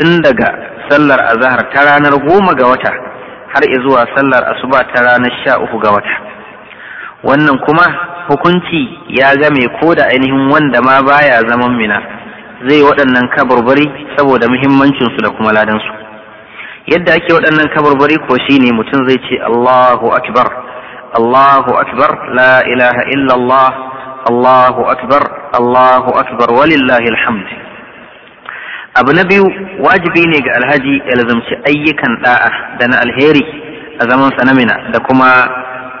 tun daga sallar azahar ta ranar goma ga wata har zuwa sallar asuba ta ranar sha uku ga wata wannan kuma hukunci ya game ko da ainihin wanda ma baya zaman mina zai waɗannan kaburbari saboda muhimmancinsu da kuma ladansu yadda ake waɗannan kaburbari ko shine mutum zai ce Allahu akbar Allahu akbar la ilaha illallah Allahu akbar Allahu akbar walillahi alhamd abu na biyu wajibi ne ga alhaji ya lazumci ayyukan da'a da na alheri a zaman sanamina da kuma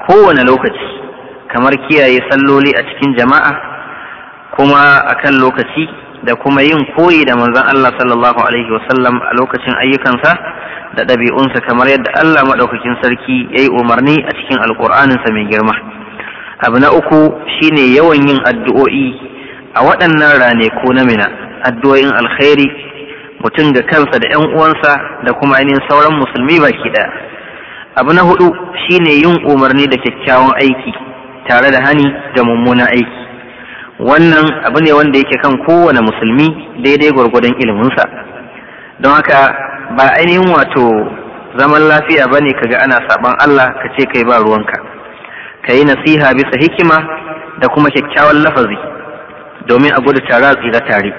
kowane lokaci kamar kiyaye salloli a cikin jama'a kuma a kan lokaci da kuma yin koyi da manzon Allah sallallahu alaihi wasallam a lokacin ayyukansa da ɗabi'unsa kamar yadda Allah maɗaukakin sarki ya yi umarni a cikin alƙur'aninsa mai girma abu na uku shine yawan yin addu'o'i a waɗannan ranaku na mina addu'o'in alkhairi mutum ga kansa da 'yan uwansa da kuma ainihin sauran musulmi baki ɗaya abu na hudu shine yin umarni da kyakkyawan aiki tare da hani da mummunan aiki wannan abu ne wanda yake kan kowane musulmi daidai gwargwadon iliminsa don haka ba ainihin wato zaman lafiya ba ne kaga ana saban Allah ka ce kai ba ruwanka ka yi nasiha bisa hikima da kuma kyakkyawan lafazi domin a gudu tare a tsira tare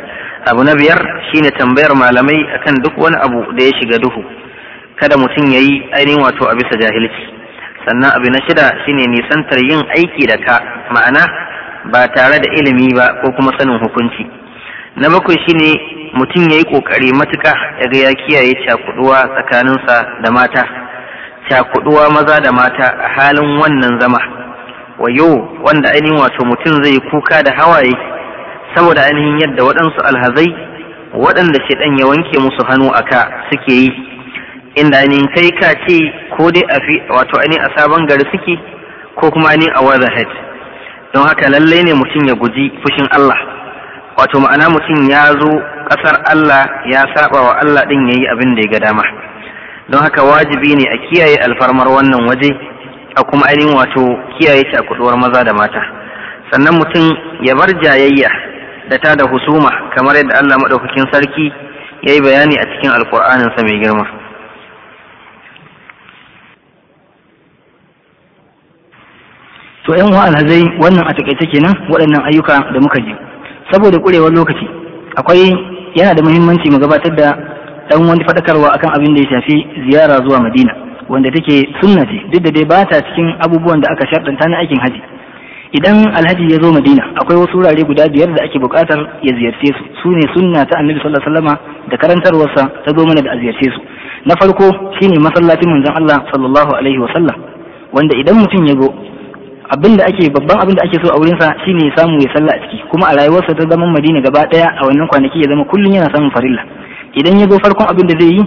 abu na biyar shine tambayar malamai akan duk wani abu da ya shiga duhu kada mutum ya yi ainihin wato a bisa jahilci sannan abu na shida shine nisantar yin aiki da ka ma'ana ba tare da ilimi ba ko kuma sanin hukunci na bakwai shine mutum ya yi ƙoƙari ya ga ya kiyaye cakuduwa tsakaninsa da mata Cakuɗuwa maza da mata a halin wannan zama wayo wanda ainihin wato mutum zai kuka da hawaye saboda ainihin yadda waɗansu alhazai waɗanda shaidan ya wanke musu hannu a ka suke yi inda ainihin kai ka ce ko dai a fi wato ainihin a sabon gari suke ko kuma ainihin a wazahed don haka lallai ne mutum ya guji fushin Allah wato ma'ana mutum ya zo ƙasar Allah ya saba wa Allah ɗin ya yi abin da ya ga dama don haka wajibi ne a kiyaye alfarmar wannan waje a kuma ainihin wato kiyaye shi a kuɗuwar maza da mata sannan mutum ya bar jayayya da ta da husuma kamar yadda Allah maɗaukakin sarki ya yi bayani a cikin alƙur'aninsa mai girma to yan wa alhazai wannan a takaice kenan waɗannan ayyuka da muka ji saboda ƙurewar lokaci akwai yana da muhimmanci mu gabatar da ɗan wani faɗakarwa akan abin da ya shafi ziyara zuwa madina wanda take sunna duk da dai ba ta cikin abubuwan da aka sharɗanta na aikin haji idan alhaji ya zo madina akwai wasu wurare guda biyar da ake bukatar ya ziyarce su su ne sunna ta annabi sallallahu alaihi da karantarwarsa ta zo mana da a ziyarce su na farko shine masallacin manzon Allah sallallahu alaihi wasallam wanda idan mutum ya go abin da ake babban abin da ake so a wurinsa shine ya samu ya salla a ciki kuma a rayuwarsa ta zaman madina gaba daya a wannan kwanaki ya zama kullum yana samun farilla idan ya zo farkon abin da zai yi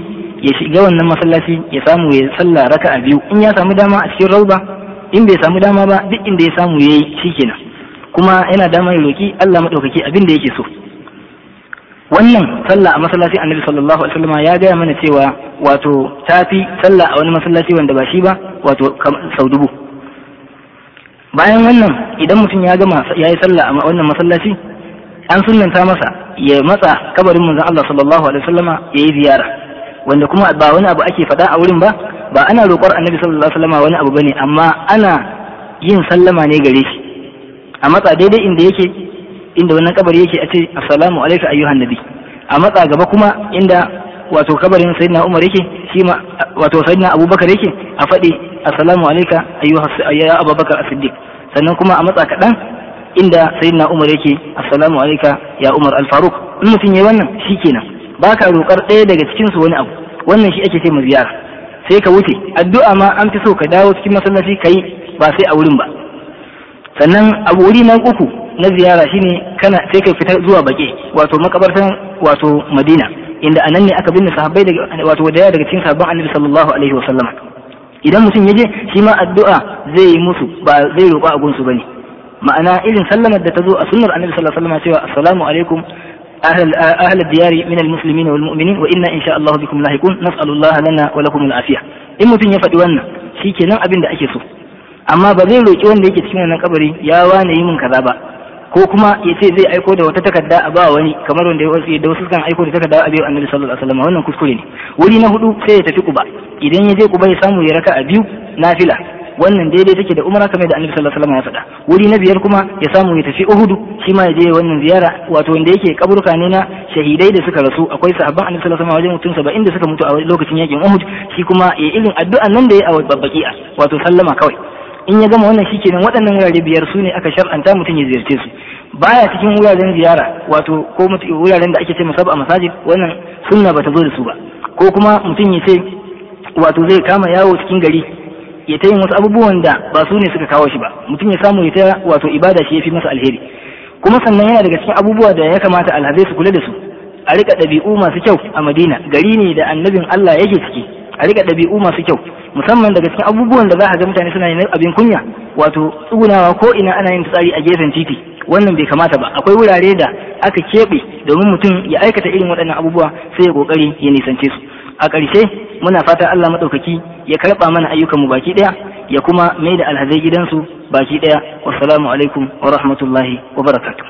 ya shiga wannan masallaci ya samu ya salla raka'a biyu in ya samu dama a cikin rauba in bai samu dama ba duk inda ya samu yayi shikenan kuma yana dama ya roki Allah madaukaki abin da yake so wannan sallah a masallaci annabi sallallahu alaihi wasallam ya gaya mana cewa wato tafi sallah a wani masallaci wanda ba shi ba wato sau dubu bayan wannan idan mutum ya gama ya yi sallah a wannan masallaci an sunnanta masa ya matsa kabarin manzon Allah sallallahu alaihi wasallama ya yi ziyara wanda kuma ba wani abu ake faɗa a wurin ba ba ana roƙar annabi sallallahu alaihi wasallama wani abu bane amma ana yin sallama ne gare shi a matsa daidai inda yake inda wannan kabari yake a ce assalamu alayka ayyuhan nabi a matsa gaba kuma inda wato kabarin sayyidina umar yake shi ma wato sayyidina abubakar yake a faɗi assalamu alayka ayyuhan abubakar as-siddiq sannan kuma a matsa kaɗan inda sayyidina umar yake assalamu alayka ya umar al-faruq in mutum yayi wannan shikenan ba ka roƙar ɗaya daga cikin su wani abu wannan shi ake ce ziyara sai ka wuce addu'a ma an fi so ka dawo cikin masallaci ka yi ba sai a wurin ba sannan a wuri nan uku na ziyara shine kana sai ka fita zuwa baki wato makabartan wato madina inda anan ne aka binne sahabbai daga wato da daga cikin sahabban annabi sallallahu alaihi wa idan mutum ya je shi ma addu'a zai yi musu ba zai roƙa a gunsu bane ma'ana irin sallamar da ta zo a sunnar annabi sallallahu alaihi wa cewa assalamu alaikum أهل, أهل الديار من المسلمين والمؤمنين وإنا إن شاء الله بكم لاحقون نسأل الله لنا ولكم العافية in mutum ya faɗi wannan shi ke nan abin da ake so amma ba zai roƙi wanda yake cikin wannan kabari ya wane yi min kaza ba ko kuma ya ce zai aiko da wata takarda a ba wani kamar wanda ya da wasu kan aiko da takarda a biyu annabi sallallahu alaihi wasallam wannan kuskure ne wuri na hudu sai ya tafi kuba idan ya je kuba ya samu ya raka a biyu nafila wannan daidai take da umra kamar da annabi sallallahu alaihi wasallam ya faɗa wuri na biyar kuma ya samu ya tafi uhudu shi ma ya je wannan ziyara wato wanda yake kaburka ne na shahidai da suka rasu akwai sahabban annabi sallallahu alaihi wasallam wajen mutum 70 da suka mutu a lokacin yakin uhud shi kuma ya irin addu'an nan da ya a babbaki'a wato sallama kawai in ya gama wannan shikenan waɗannan wurare biyar su ne aka shar'anta mutum ya ziyarce su baya cikin wuraren ziyara wato ko wuraren da ake ce musabba a masajid wannan sunna bata zo da su ba ko kuma mutum ya ce wato zai kama yawo cikin gari ya ta yin wasu abubuwan da ba su ne suka kawo shi ba mutum ya samu ya ta wato ibada shi ya fi masa alheri kuma sannan yana daga cikin abubuwa da ya kamata alhazai su kula da su a rika ɗabi'u masu kyau a madina gari ne da annabin allah yake ciki a rika ɗabi'u masu kyau musamman daga cikin abubuwan da za a ga mutane suna yin abin kunya wato tsugunawa ko ina ana yin tsari a gefen titi wannan bai kamata ba akwai wurare da aka keɓe domin mutum ya aikata irin waɗannan abubuwa sai ya ƙoƙari ya nisance su a ƙarshe muna fata Allah maɗaukaki ya karɓa mana ayyukanmu baki ɗaya ya kuma mai da alhazai gidansu baki ɗaya wassalamu alaikum wa rahmatullahi wa barakatuh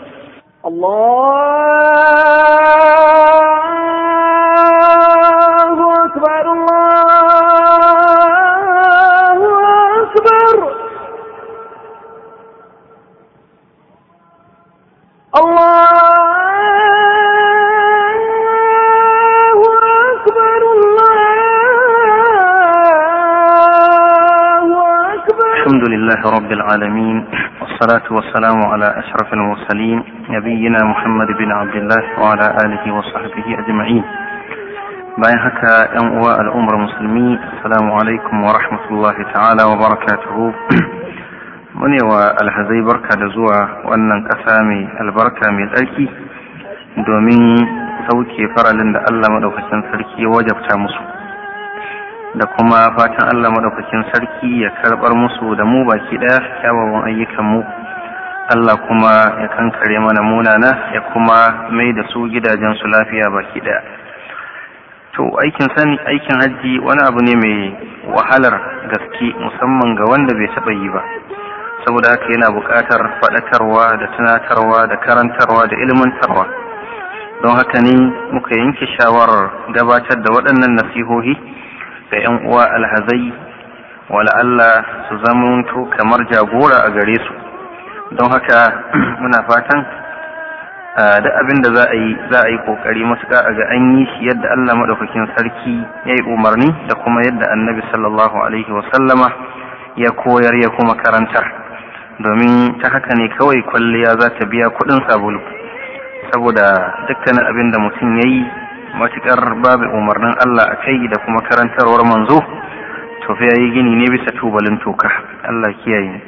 لله رب العالمين والصلاة والسلام على أشرف المرسلين نبينا محمد بن عبد الله وعلى آله وصحبه أجمعين بين هكا أمواء الأمر المسلمين السلام عليكم ورحمة الله تعالى وبركاته مني يوى الهزي بركة لزوع وأن أسامي البركة من الأجي دومين سوكي فرع لند ألا مدوكة سنسلكي وجبت مصر da kuma fatan Allah madaukakin sarki ya karɓar musu da mu baki ɗaya kyawawan ayyukan mu Allah kuma ya kankare mana munana ya kuma mai da su gidajen su lafiya baki ɗaya. to aikin sani aikin hajji wani abu ne mai wahalar gaske musamman ga wanda bai taɓa yi ba saboda haka yana buƙatar faɗakarwa da tunatarwa da karantarwa da ilmantarwa don haka ne muka yanke shawarar gabatar da waɗannan nasihohi ga 'yan uwa alhazai wala Allah su zamanto kamar jagora a gare su don haka muna fatan da abin da za a yi kokari matuƙa a ga an yi shi yadda Allah maɗaukakin sarki ya yi umarni da kuma yadda annabi sallallahu alaihi wasallama ya koyar ya kuma karantar domin ta haka ne kawai kwalliya za ta biya kuɗin sabulu saboda dukkanin abin da mutum ya yi matuƙar babu umarnin Allah a kai da kuma karantarwar manzo to fa yayi gini ne bisa tubalin toka Allah kiyaye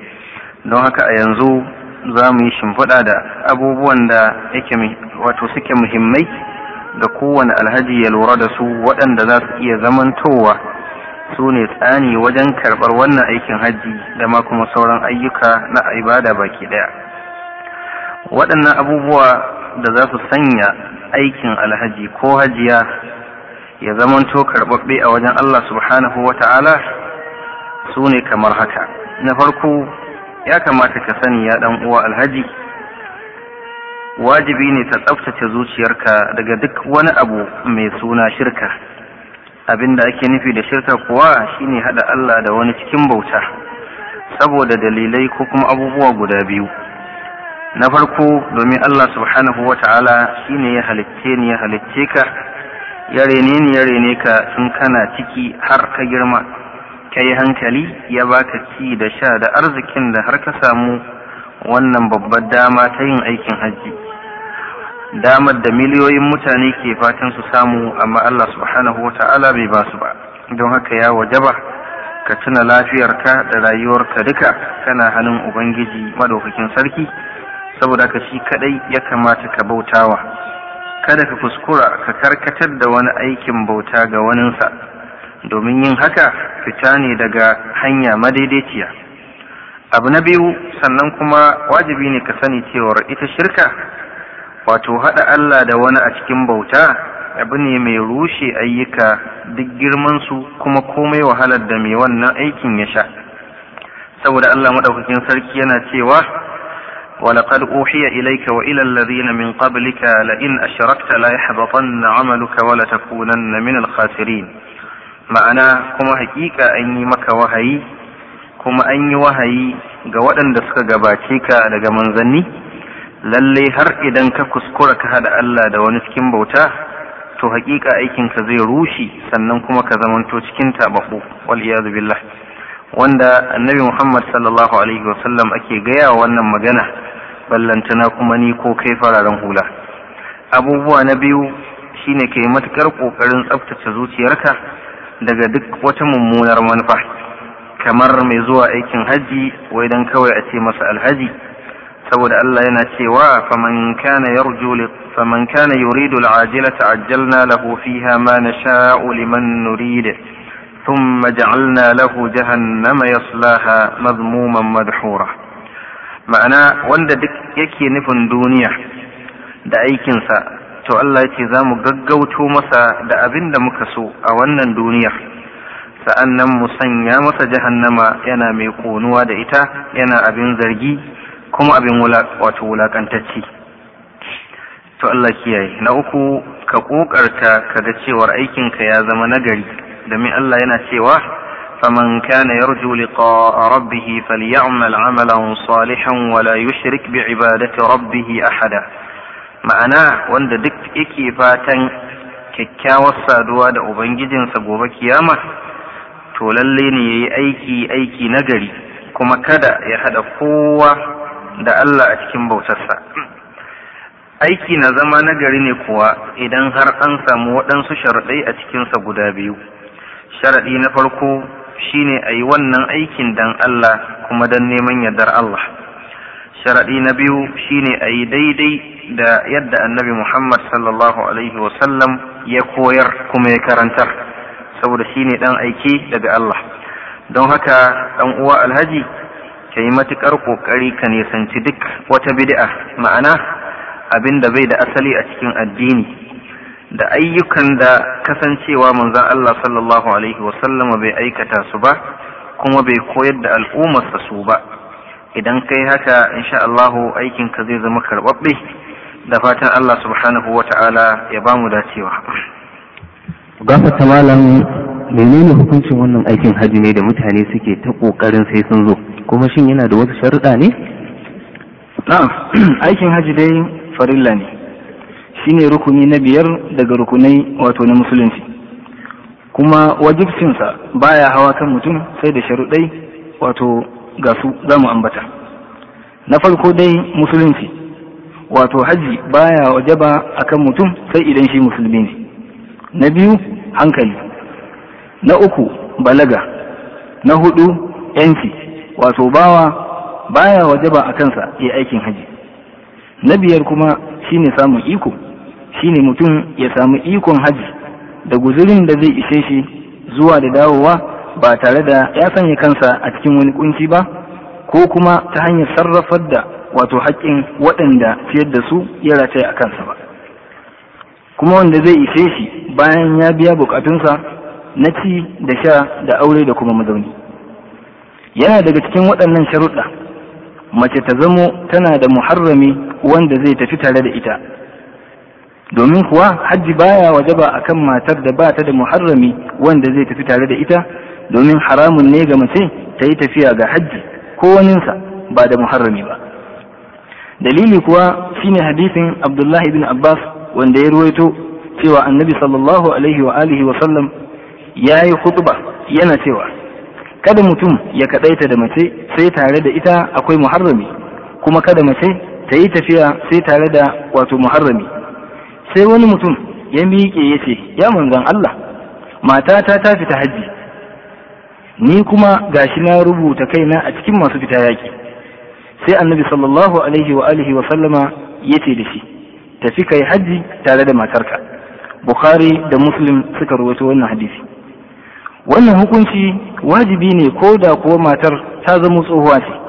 don haka a yanzu za mu yi shimfiɗa da abubuwan da yake wato suke muhimmai da kowane alhaji ya lura da su waɗanda za su iya zamantowa su ne tsani wajen karɓar wannan aikin hajji da ma kuma sauran ayyuka na ibada baki ɗaya waɗannan abubuwa da za su sanya aikin alhaji ko hajiya ya zamanto karɓaɓɓe a wajen Allah subhanahu wa ta'ala su ne kamar haka na farko ya kamata ka sani ya ɗan uwa alhaji wajibi ne ta tsaftace zuciyarka daga duk wani abu mai suna shirka Abin da ake nufi da shirka kuwa shine haɗa Allah da wani cikin bauta saboda dalilai ko kuma abubuwa guda biyu na farko domin Allah subhanahu wa ta'ala shi ne ya halicce ni ya halicce ka ya rene ni ya rene ka tun kana ciki har ka girma ka yi hankali ya baka ci da sha da arzikin da har ka samu wannan babbar dama ta yin aikin hajji damar da miliyoyin mutane ke fatan su samu amma Allah subhanahu wa ta'ala bai ba su ba don haka ya wajaba ka tuna lafiyarka da rayuwarka duka kana hannun ubangiji madaukakin sarki saboda ka shi kadai ya kamata ka bautawa kada ka kuskura ka karkatar da wani aikin bauta ga waninsa domin yin haka fita ne daga hanya madaidaiciya abu na biyu sannan kuma wajibi ne ka sani cewar ita shirka wato haɗa Allah da wani a cikin bauta abu ne mai rushe ayyuka duk girmansu kuma komai wahalar da mai wannan aikin ya sha saboda Allah maɗaukakin sarki yana cewa ولقد أوحي إليك وإلى الذين من قبلك لئن أشركت ليحبطن عملك ولتكونن من الخاسرين ma'ana kuma hakika an yi maka wahayi kuma anyi yi wahayi ga waɗanda suka gabace ka daga manzanni lallai har idan ka kuskura ka hada Allah da wani cikin bauta to hakika aikinka zai rushe sannan kuma ka zamanto cikin tababu wal iyadu wanda annabi Muhammad sallallahu alaihi wasallam ake gaya wannan magana ballantana kuma ni ko kai fararen hula abubuwa na biyu shine kai matukar kokarin tsaftace zuciyarka daga duk wata mummunar manufa kamar mai zuwa aikin haji wai dan kawai a ce masa alhaji saboda Allah yana cewa faman kana yarju faman kana yuridu al'ajilata ajjalna lahu fiha ma nasha'u liman nurid thumma ja'alna lahu jahannama yaslaha madhmuman madhura ma'ana wanda duk yake nufin duniya da aikinsa to Allah ce za mu gaggauto masa da abin da muka so a wannan duniyar sa'annan mu sanya masa jahannama yana mai konuwa da ita yana abin zargi kuma abin wato wulakantacci to Allah kiyaye na uku ka kokarta ga cewar aikinka ya zama nagari domin Allah yana cewa فمن كان يرجو لقاء ربه فليعمل عملا صالحا ولا يشرك بعبادة ربه أحدا ma'ana wanda duk yake fatan kyakkyawar saduwa da ubangijinsa gobe kiyama to lalle ne yayi aiki aiki nagari kuma kada ya haɗa kowa da Allah a cikin bautarsa aiki na zama nagari ne kuwa idan har an samu waɗansu sharaɗai a cikinsa guda biyu sharaɗi na farko shine a yi wannan aikin dan Allah kuma dan neman yardar Allah sharaɗi na biyu shine a yi daidai da yadda annabi Muhammad sallallahu alaihi wasallam ya koyar kuma ya karantar saboda shine ɗan aiki daga Allah don haka dan uwa alhaji ka yi matukar ƙoƙari ka nisanci duk wata bid'a ma'ana abin da bai da asali a cikin addini da ayyukan da kasancewa manzan Allah sallallahu alaihi wasallama bai aikata su ba kuma bai koyar da al'ummarsa su ba idan kai haka insha Allahu aikinka zai zama karɓaɓɓe da fatan Allah subhanahu wa ta'ala ya ba mu dacewa. Gafata malam menene hukuncin wannan aikin hajji ne da mutane suke ta kokarin sai sun zo kuma shin yana da wasu sharuɗa ne na'am aikin hajji dai farilla ne Shi ne rukuni na biyar daga rukunai wato na musulunci kuma wajibcinsa baya hawa kan mutum sai da sharuɗai wato ga su za mu ambata na farko dai musulunci wato haji baya wajaba kan mutum sai idan shi musulmi ne na biyu hankali na uku balaga na hudu yanci wato bawa baya wajaba a kansa ya aikin haji na biyar kuma shine samun iko shi ne mutum ya samu ikon hajji da guzurin da zai ishe shi zuwa da dawowa ba tare da ya sanya kansa a cikin wani kunci ba ko kuma ta hanyar sarrafar da wato haƙƙin waɗanda fiye da su ya rataya a kansa ba kuma wanda zai ishe shi bayan ya biya bukatunsa na ci da sha da aure da kuma mazauni yana daga cikin waɗannan sharuɗa mace ta zamo tana da muharrami wanda zai tafi tare da ita domin kuwa hajji baya wajaba akan matar da ba ta da muharrami wanda zai tafi tare da ita domin haramun ne ga mace ta yi tafiya ga hajji ko waninsa ba da muharrami ba dalili kuwa shine hadisin abdullahi ibn abbas wanda ya ruwaito cewa annabi sallallahu alaihi wa alihi wa sallam ya yi khutba yana cewa kada mutum ya kadaita da mace sai tare da ita akwai muharrami kuma kada mace ta yi tafiya sai tare da wato muharrami sai wani mutum ya miƙe ya ce ya manzan Allah matata ta fita hajji ni kuma ga shi na rubuta kaina a cikin masu fita yaƙi sai annabi sallallahu alaihi wa alihi wa sallama ya ce da shi tafi kai hajji tare da matarka bukhari da muslim suka rubuta wannan hadisi wannan hukunci wajibi ne ko da kuwa matar ta zama tsohuwa ce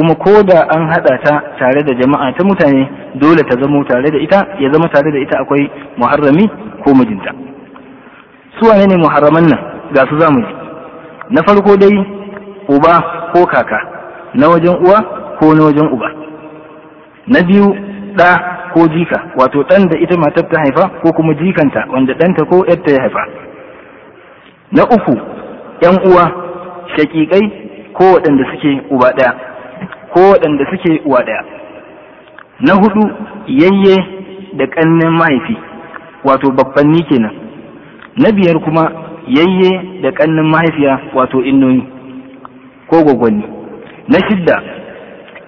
kuma ko da an haɗa ta tare da jama'a ta mutane dole ta zamo tare da ita ya zama tare da ita akwai muharrami ko mijinta su wane ne muharraman nan ga su zamu ji na farko dai uba ko kaka na wajen uwa ko na wajen uba na biyu ɗa ko jika wato ɗan da ita matar ta haifa ko kuma jikanta wanda ɗanta ko yarta ya haifa na uku ‘yan uwa shaƙiƙai ko waɗanda suke uba ɗaya ko waɗanda suke uwa ɗaya na hudu yayye da ƙannen mahaifi wato babbanni kenan na biyar kuma yayye da ƙannen mahaifiya wato innoni ko gwagwanni na shidda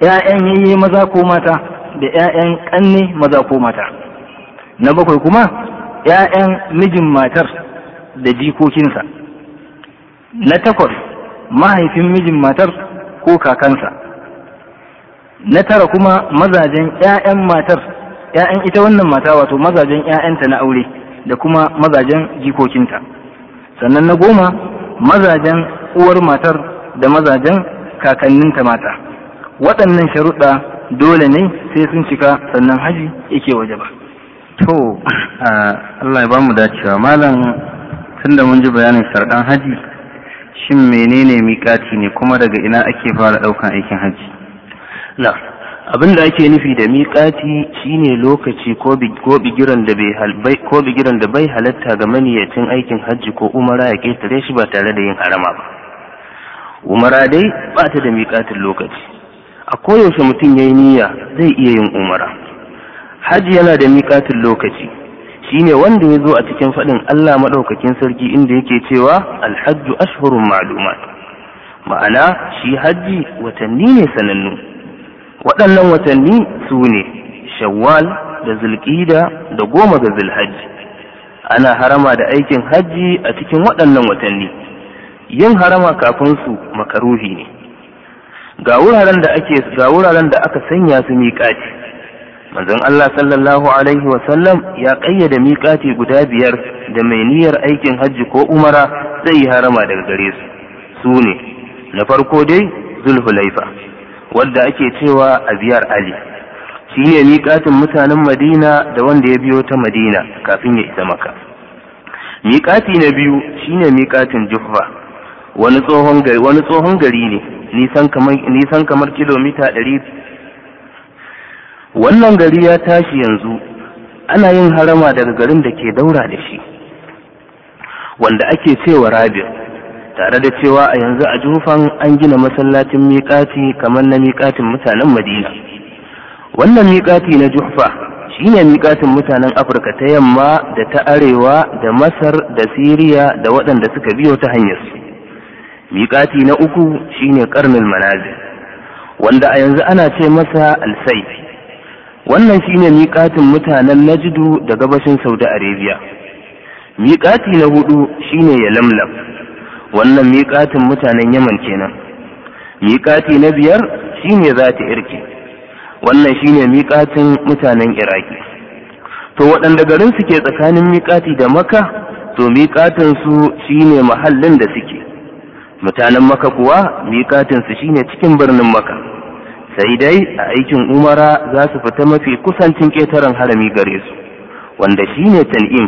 ‘ya'yan yayye maza ko mata da ‘ya'yan ƙanne maza ko mata na bakwai kuma ‘ya'yan mijin matar da jikokinsa na takwas mahaifin mijin matar ko kakansa na tara kuma mazajen 'ya'yan matar 'ya'yan ita wannan mata wato mazajen 'ya'yanta na aure da kuma mazajen jikokinta sannan na goma mazajen uwar matar da mazajen kakanninta mata waɗannan sharuɗa dole ne sai sun cika sannan haji yake waje ba to Allah ya ba mu dacewa malam da mun ji bayanin sharɗan haji shin menene miƙati ne kuma daga ina ake fara ɗaukan aikin haji na abin da ake nufi da miƙati shine lokaci ko bigiran da bai halatta ga maniyacin aikin hajji ko umara ya ƙetare shi ba tare da yin harama ba umara dai ba ta da miƙatin lokaci a koyaushe mutum ya yi niyya zai iya yin umara hajji yana da miƙatin lokaci shine wanda ya zo a cikin faɗin allah maɗaukakin sarki inda yake cewa alhajju ashhurun ma'lumat ma'ana shi hajji watanni ne sanannu waɗannan watanni su ne shawwal da zulƙida da goma ga zulhajji ana harama da aikin hajji a cikin waɗannan watanni yin harama kafin su makaruhi ne ga wuraren da ake ga wuraren da aka sanya su miƙati manzon Allah sallallahu alaihi wa sallam ya ƙayyade miƙati guda biyar da mai niyyar aikin hajji ko umara zai yi harama daga gare su su ne na farko dai zulhulaifa Wanda ake cewa abiyar ali shi ne miƙatin mutanen madina da wanda ya biyo ta madina kafin ya isa maka miƙati na biyu shine miƙatin juhfa wani tsohon gari wani tsohon gari ne nisan kamar nisan kamar kilomita 100 wannan gari ya tashi yanzu ana yin harama daga garin da ke daura da shi wanda ake cewa Rabi'u. tare da cewa a yanzu a jufan an gina masallacin miƙati kamar na miƙatin mutanen madina wannan miƙati na jufa shine miƙatin mutanen afirka ta yamma da ta arewa da masar da siriya da waɗanda suka biyo ta hanyarsu miƙati na uku shine ƙarnin manazi wanda a yanzu ana ce masa alsai wannan shine miƙatin mutanen najidu da gabashin saudi Arabiya. miƙati na hudu shine yalamlam wannan miƙatin mutanen yaman kenan miƙati na biyar shine za ta irke wannan shine miƙatin mutanen iraki to waɗanda garin suke tsakanin miƙati da maka to miƙatin su shine mahallin da suke mutanen maka kuwa miƙatin su shine cikin birnin maka sai dai a aikin umara za su fita mafi kusancin ƙetaren harami gare su wanda shine tan'im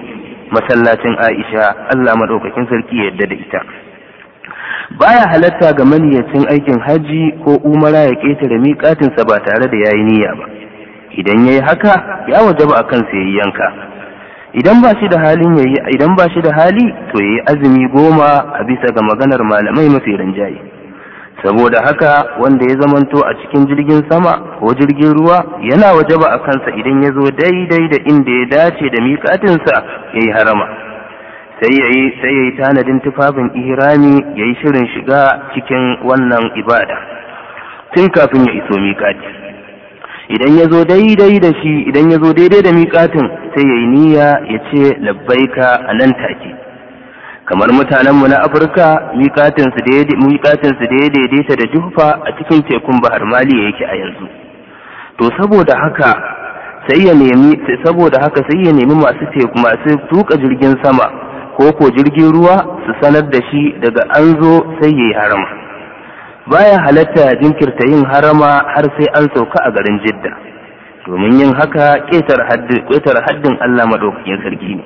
masallacin aisha allah maɗaukakin sarki yadda da ita baya halatta ga maniyacin aikin haji ko umara ya ƙetare miƙatinsa ba tare da yayi niyya ba idan yayi haka ya wajaba akan sa yayi yanka idan ba shi da halin yayi idan ba shi da hali to yayi azumi goma a bisa ga maganar malamai mafi jayi. saboda haka wanda ya zamanto a cikin jirgin sama ko jirgin ruwa yana wajaba a kansa idan ya zo daidai da inda ya dace da miƙatinsa ya yi harama sai yayi sai yayi tanadin tufafin ihrami yayi shirin shiga cikin wannan ibada tun kafin ya iso miƙati idan ya zo daidai da shi idan ya zo daidai da miƙatin sai yayi niyya ya ce labbaika a nan take kamar mutanenmu na afirka miƙatinsu da ya daidaita da jufa a cikin tekun bahar mali yake a yanzu to saboda haka sai ya nemi saboda haka sai ya nemi masu tuƙa masu tuka jirgin sama ko ko jirgin ruwa su sanar da shi daga an zo sai yayi harama baya halatta jinkirta yin harama har sai an sauka a garin jidda domin yin haka ƙetar haddin allah maɗaukakin sarki ne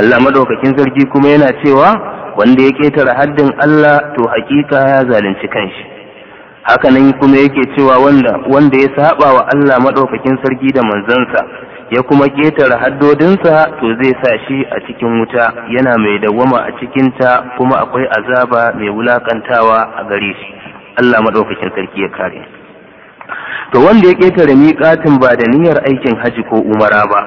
allah maɗaukakin sarki kuma yana cewa wanda ya ƙetare haddin allah to hakika ya zalunci kanshi hakanan kuma yake cewa wanda ya saba wa allah maɗaukakin sarki da manzansa ya kuma ƙetare haddodinsa to zai sa shi a cikin wuta yana mai dawwama a cikin ta, kuma akwai azaba mai wulakantawa a gare shi Allah maɗaukakin sarki ya kare to wanda ya ƙetare miƙatin ba da niyyar aikin haji ko umara ba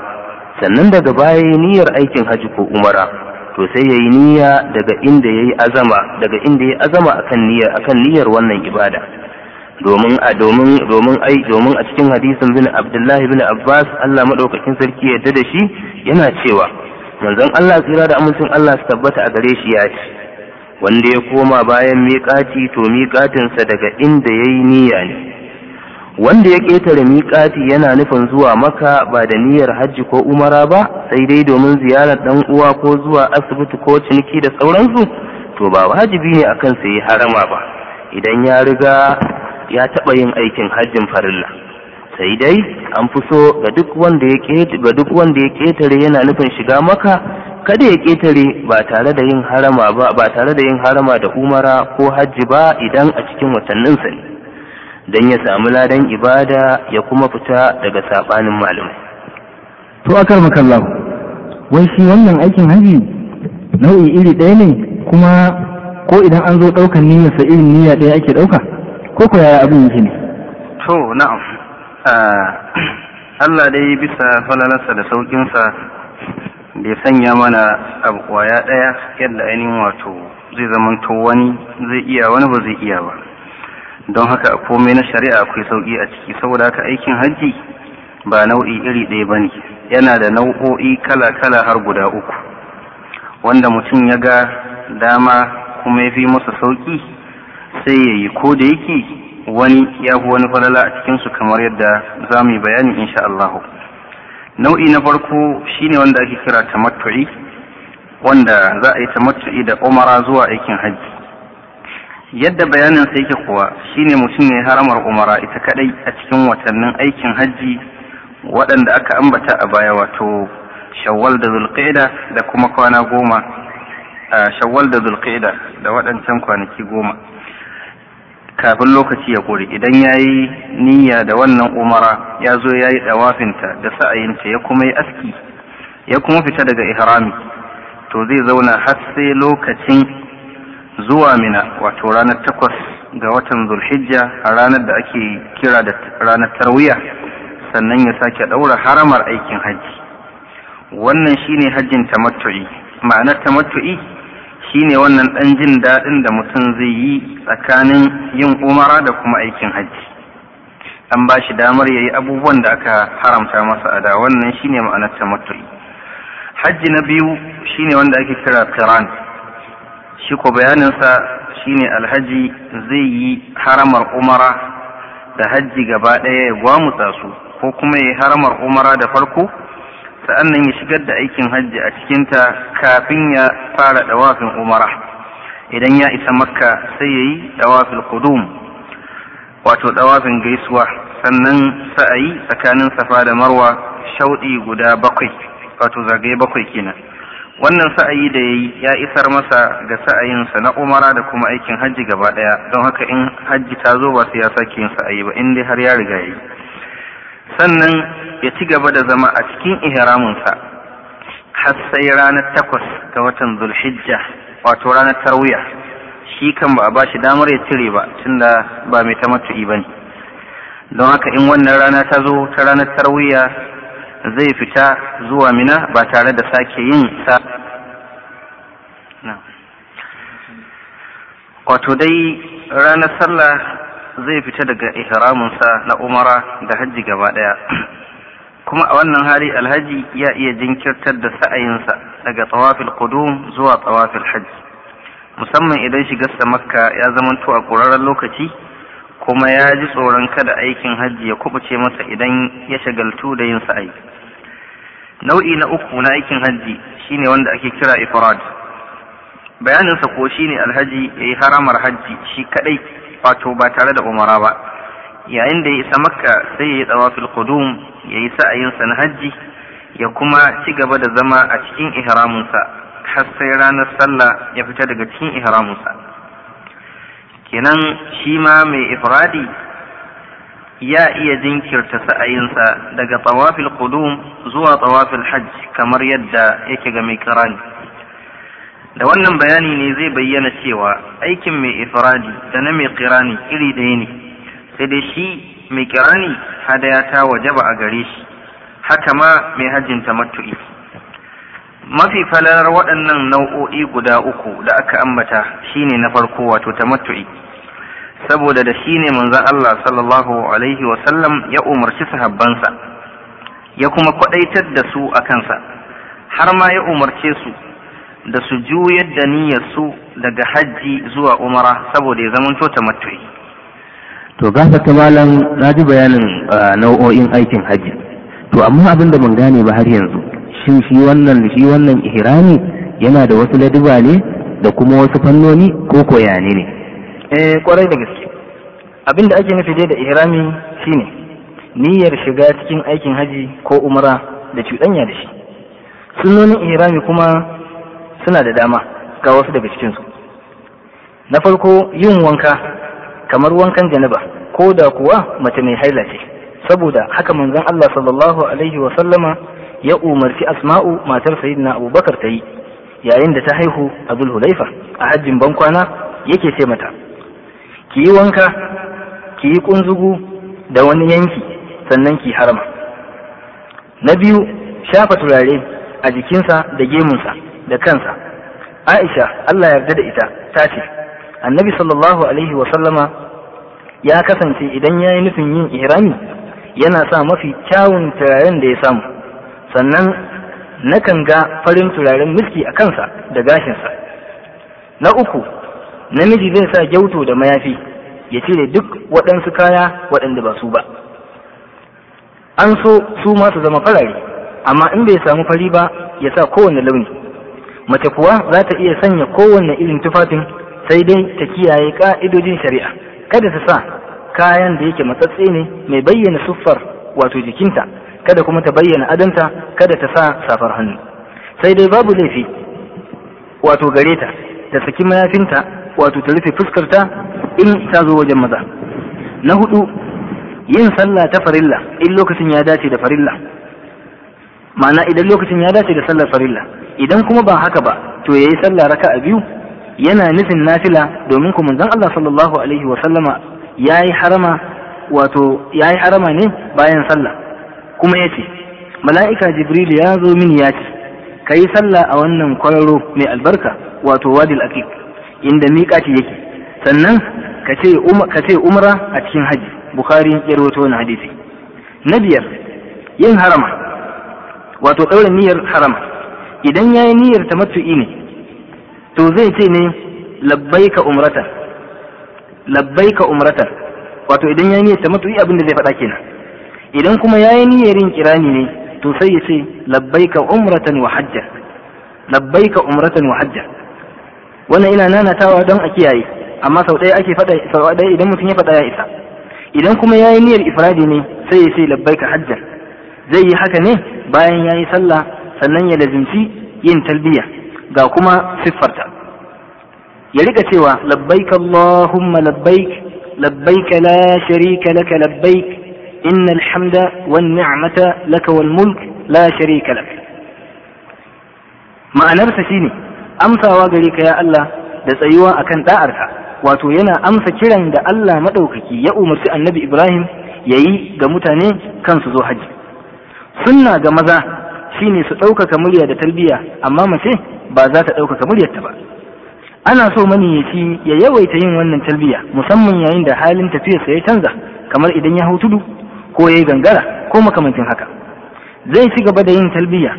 sannan daga baya niyyar aikin haji ko umara to sai yayi niyya daga inda ya yi azama daga inda yayi azama akan niyyar akan niyyar wannan ibada domin a domin domin ai domin a cikin hadisin bin Abdullahi bin Abbas Allah madaukakin sarki yadda da shi yana cewa manzon Allah tsira da amincin Allah su tabbata a gare shi ya ce wanda ya koma bayan miƙati to miƙatinsa daga inda yayi niyya ne wanda ya ƙetare miƙati yana nufin zuwa maka ba da niyyar hajji ko umara ba sai dai domin ziyarar dan uwa ko zuwa asibiti ko ciniki da sauransu to ba wajibi ne akan sai harama ba idan ya riga ya taɓa yin aikin hajjin farilla sai dai an fi so ga duk wanda ya ƙetare yana nufin shiga maka kada ya ƙetare ba tare da yin harama ba ba tare da yin harama da umara ko hajji ba idan a cikin watanninsa ne don ya samu ladan ibada ya kuma fita daga saɓanin malamai to akar makallahu wai shi wannan aikin hajji nau'i iri ɗaya ne kuma ko idan an zo ɗaukar niyyarsa irin niyya ɗaya ake ɗauka ko ko yaya abin yake ne to na'am ah, Allah dai bisa falalarsa da saukinsa da ya sanya mana abu kwaya daya yadda ainihin wato zai zamanto wani zai iya wani ba zai iya ba don haka komai na shari'a akwai sauki a ciki saboda haka aikin hajji ba nau'i iri ɗaya ba ne yana da nau'o'i kala-kala har guda uku wanda mutum ya ga dama kuma ya fi masa sauƙi. sai ya yi ko da yake wani ya fi wani falala a cikinsu kamar yadda za mu yi bayani insha Allah nau'i na farko shine wanda ake kira tamattu'i wanda za a yi tamattu'i da umara zuwa aikin hajji yadda bayanin sai yake kuwa shine mutum ne haramar umara ita kadai a cikin watannin aikin hajji waɗanda aka ambata a baya wato shawwal da zulqa'ida da kuma kwana goma shawwal da zulqa'ida da waɗancan kwanaki goma kafin lokaci ya kore idan ya yi niyya da wannan umara ya zo ya yi ɗawafinta da sa'ayinta ya kuma yi aski ya kuma fita daga ihrami to zai zauna har sai lokacin zuwa mina wato ranar takwas ga watan zulhijja a ranar da ake kira da ranar tarwiya sannan ya sake ɗaura haramar aikin hajji wannan shine hajjin tamattu'i ma'anar tamattu'i shine wannan ɗan jin daɗin da mutum zai yi tsakanin yin umara da kuma aikin hajji an ba shi damar ya yi abubuwan da aka haramta masa a da wannan shine ma'anar tamattu'i hajji na biyu shine wanda ake kira qiran shi ko bayaninsa shine alhaji zai yi haramar umara da hajji gaba ɗaya ya gwamutsa su ko kuma ya yi haramar umara da farko sa'annan ya shigar da aikin hajji a cikinta kafin ya fara dawafin umara idan ya isa makka sai ya yi dawafin kudum wato dawafin gaisuwa sannan sa'ayi tsakanin safa da marwa shauɗi guda bakwai wato zagaye bakwai kenan wannan sa'ayi da ya yi ya isar masa ga sa'ayinsa na umara da kuma aikin hajji gaba ɗaya don haka in hajji ta zo ba sai ya sake yin sa'ayi ba in dai har ya riga ya yi sannan ya ci gaba da zama a cikin ihraminsa har sai ranar takwas ga watan zulhijja wato ranar tarwiya shi kan ba a bashi damar ya cire ba tunda ba mai tamattu'i ba ne don haka in wannan rana ta zo ta ranar tarwiya zai fita zuwa mina ba tare da sake yin sa wato dai ranar sallah zai fita daga ihraminsa na umara da hajji gaba ɗaya kuma a wannan hali alhaji ya iya jinkirtar da sa'ayinsa daga tsawafil qudum zuwa tsawafil hajji musamman idan shigarsa makka ya zamanto a ƙurarren lokaci kuma ya ji tsoron kada aikin hajji ya kubuce masa idan ya shagaltu da yin sa'ayi nau'i na uku na aikin hajji shine wanda ake kira ifrad bayaninsa ko shine alhaji ya yi haramar hajji shi kadai wato ba tare da umara ba yayin da ya isa makka sai ya yi tsawafil qudum ya yi sa'ayinsa na hajji ya kuma ci gaba da zama a cikin ihramunsa har sai ranar sallah ya fita daga cikin ihramunsa kenan shi ma mai ifradi ya iya jinkirta sa'ayinsa daga tsawafil qudum zuwa tsawafil hajji kamar yadda yake ga mai karani da wannan bayani ne zai bayyana cewa aikin mai ifradi da na mai kirani iri ɗaya ne sai dai shi mai kirani hadaya ta wajaba a gare shi haka ma mai hajjin tamattu'i mafi falalar waɗannan nau'o'i guda uku da aka ambata shine na farko wato tamattu'i saboda da shi ne manzan Allah sallallahu alaihi wasallam ya umarci sahabbansa ya kuma kwaɗaitar da su a kansa har ma ya umarce su da su juyar da niyyar su daga hajji zuwa umara saboda ya zamanto ta matu'i to gafa ta malam na ji bayanin nau'o'in aikin hajji to amma abin da ban gane ba har yanzu shin shi wannan shi wannan ihrami yana da wasu ladiba ne da kuma wasu fannoni ko koyane ne eh kwarai da gaske abin da ake nufi dai da ihrami shine niyyar shiga cikin aikin haji ko umara da cuɗanya da shi sunonin ihrami kuma suna da dama ga wasu daga cikinsu na farko yin wanka kamar wankan janaba ko da kuwa mace mai haila ce saboda haka manzon Allah sallallahu alaihi wa sallama ya umarci asma'u matar sayyidina abubakar ta yi yayin da ta haihu Abdul Hulaifa a hajjin bankwana yake ce mata ki yi wanka ki yi kunzugu da wani yanki sannan ki harama na biyu shafa turare a jikinsa da gemunsa da kansa aisha Allah yarda da ita ta ce annabi sallallahu alaihi wa sallama ya kasance idan ya yi nufin yin ihrami yana sa mafi kyawun turaren da ya samu sannan nakan ga farin turaren miski a kansa da gashinsa na uku namiji zai sa gyauto da mayafi ya cire duk waɗansu kaya waɗanda ba su ba an so su ma su zama farare amma in bai samu fari ba ya sa kowane launi mace kuwa za ta iya sanya kowanne irin tufafin sai dai ta kiyaye ka'idojin shari'a kada ta sa kayan da yake matsatse ne mai bayyana siffar wato jikinta kada kuma ta bayyana adanta kada ta sa safar hannu sai dai babu laifi wato gare ta da saki mayafinta wato ta rufe fuskarta in ta zo wajen maza na hudu yin sallah ta farilla in lokacin ya dace da farilla ma'ana idan lokacin ya dace da sallar farilla idan kuma ba haka ba to yayi sallah a biyu yana nufin nafila domin kuma dan Allah sallallahu alaihi wa sallama yayi harama wato yayi harama ne bayan sallah kuma yace mala'ika jibril ya zo mini ya ce kai sallah a wannan kwararo mai albarka wato wadil aqiq inda ce yake sannan ka ce um-, ka ce umra a cikin haji bukhari ya rawaito wannan hadisi na biyar yin harama wato ɗaura niyyar harama idan ya yi niyyar ta matu'i ne to zai ce ne labbaika umrata ka umrata wato idan ya yi niyyar ta matu'i abin da zai faɗa kenan idan kuma ya yi niyyar yin kirani ne to sai ya ce ka umratan wa hajjar hajja ka umratan wa hajjar. wannan ina nanatawa don a kiyaye amma sau ɗaya ake faɗa sau ɗaya idan mutum ya faɗa ya isa idan kuma ya yi niyyar ifradi ne sai ya ce ka hajjar zai yi haka ne bayan ya yi sallah sannan ya lazimci yin talbiya ga kuma siffarta ya rika cewa labbaik Allahumma labbaik labbaik la sharika laka labbaik innal hamda wan ni'mata laka wal mulk la sharika lak ma'anarsa shine amsawa gare ka ya Allah da tsayuwa akan da'arka wato yana amsa kiran da Allah madaukaki ya umarci annabi Ibrahim yayi ga mutane kansu zo haji sunna ga maza shine su ɗaukaka murya da tarbiyya amma mace ba za ta ɗaukaka muryarta ba ana so mani ya yawaita yin wannan talbiya musamman yayin da halin tafiyarsa ya canza kamar idan ya hau tudu ko ya yi gangara ko makamancin haka zai ci gaba da yin talbiya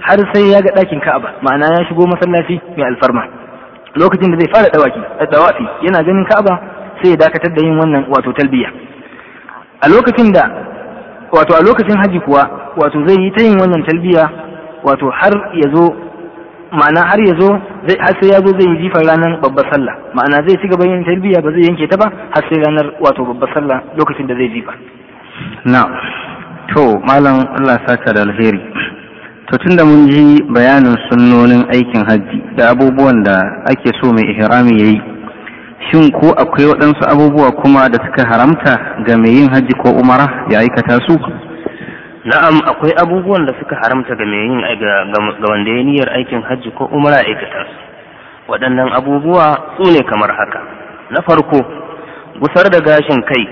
har sai ya ga ɗakin ka'aba ma'ana ya shigo masallaci mai alfarma lokacin da zai fara dawaki dawafi eh, yana ganin ka'aba sai ya dakatar da yin wannan wato talbiya a lokacin da wato a lokacin haji kuwa wato zai yi ta yin wannan talbiya wato har ya zo ma'ana har ya zo har sai ya zo zai yi jifar ranar babbar sallah ma'ana zai ci gaba yin talbiya ba zai yanke ta ba har sai ranar wato babbar sallah lokacin da zai jifa na to malam Allah saka da alheri to tunda mun ji bayanin sunnonin aikin hajji da abubuwan da ake so mai ihrami yayi shin ko akwai waɗansu abubuwa kuma da suka haramta ga mai yin hajji ko umara ya aikata su na'am akwai abubuwan da suka haramta ga mai yin ga wanda ya niyyar aikin hajji ko umara ya aikata su waɗannan abubuwa su ne kamar haka na farko gusar da gashin kai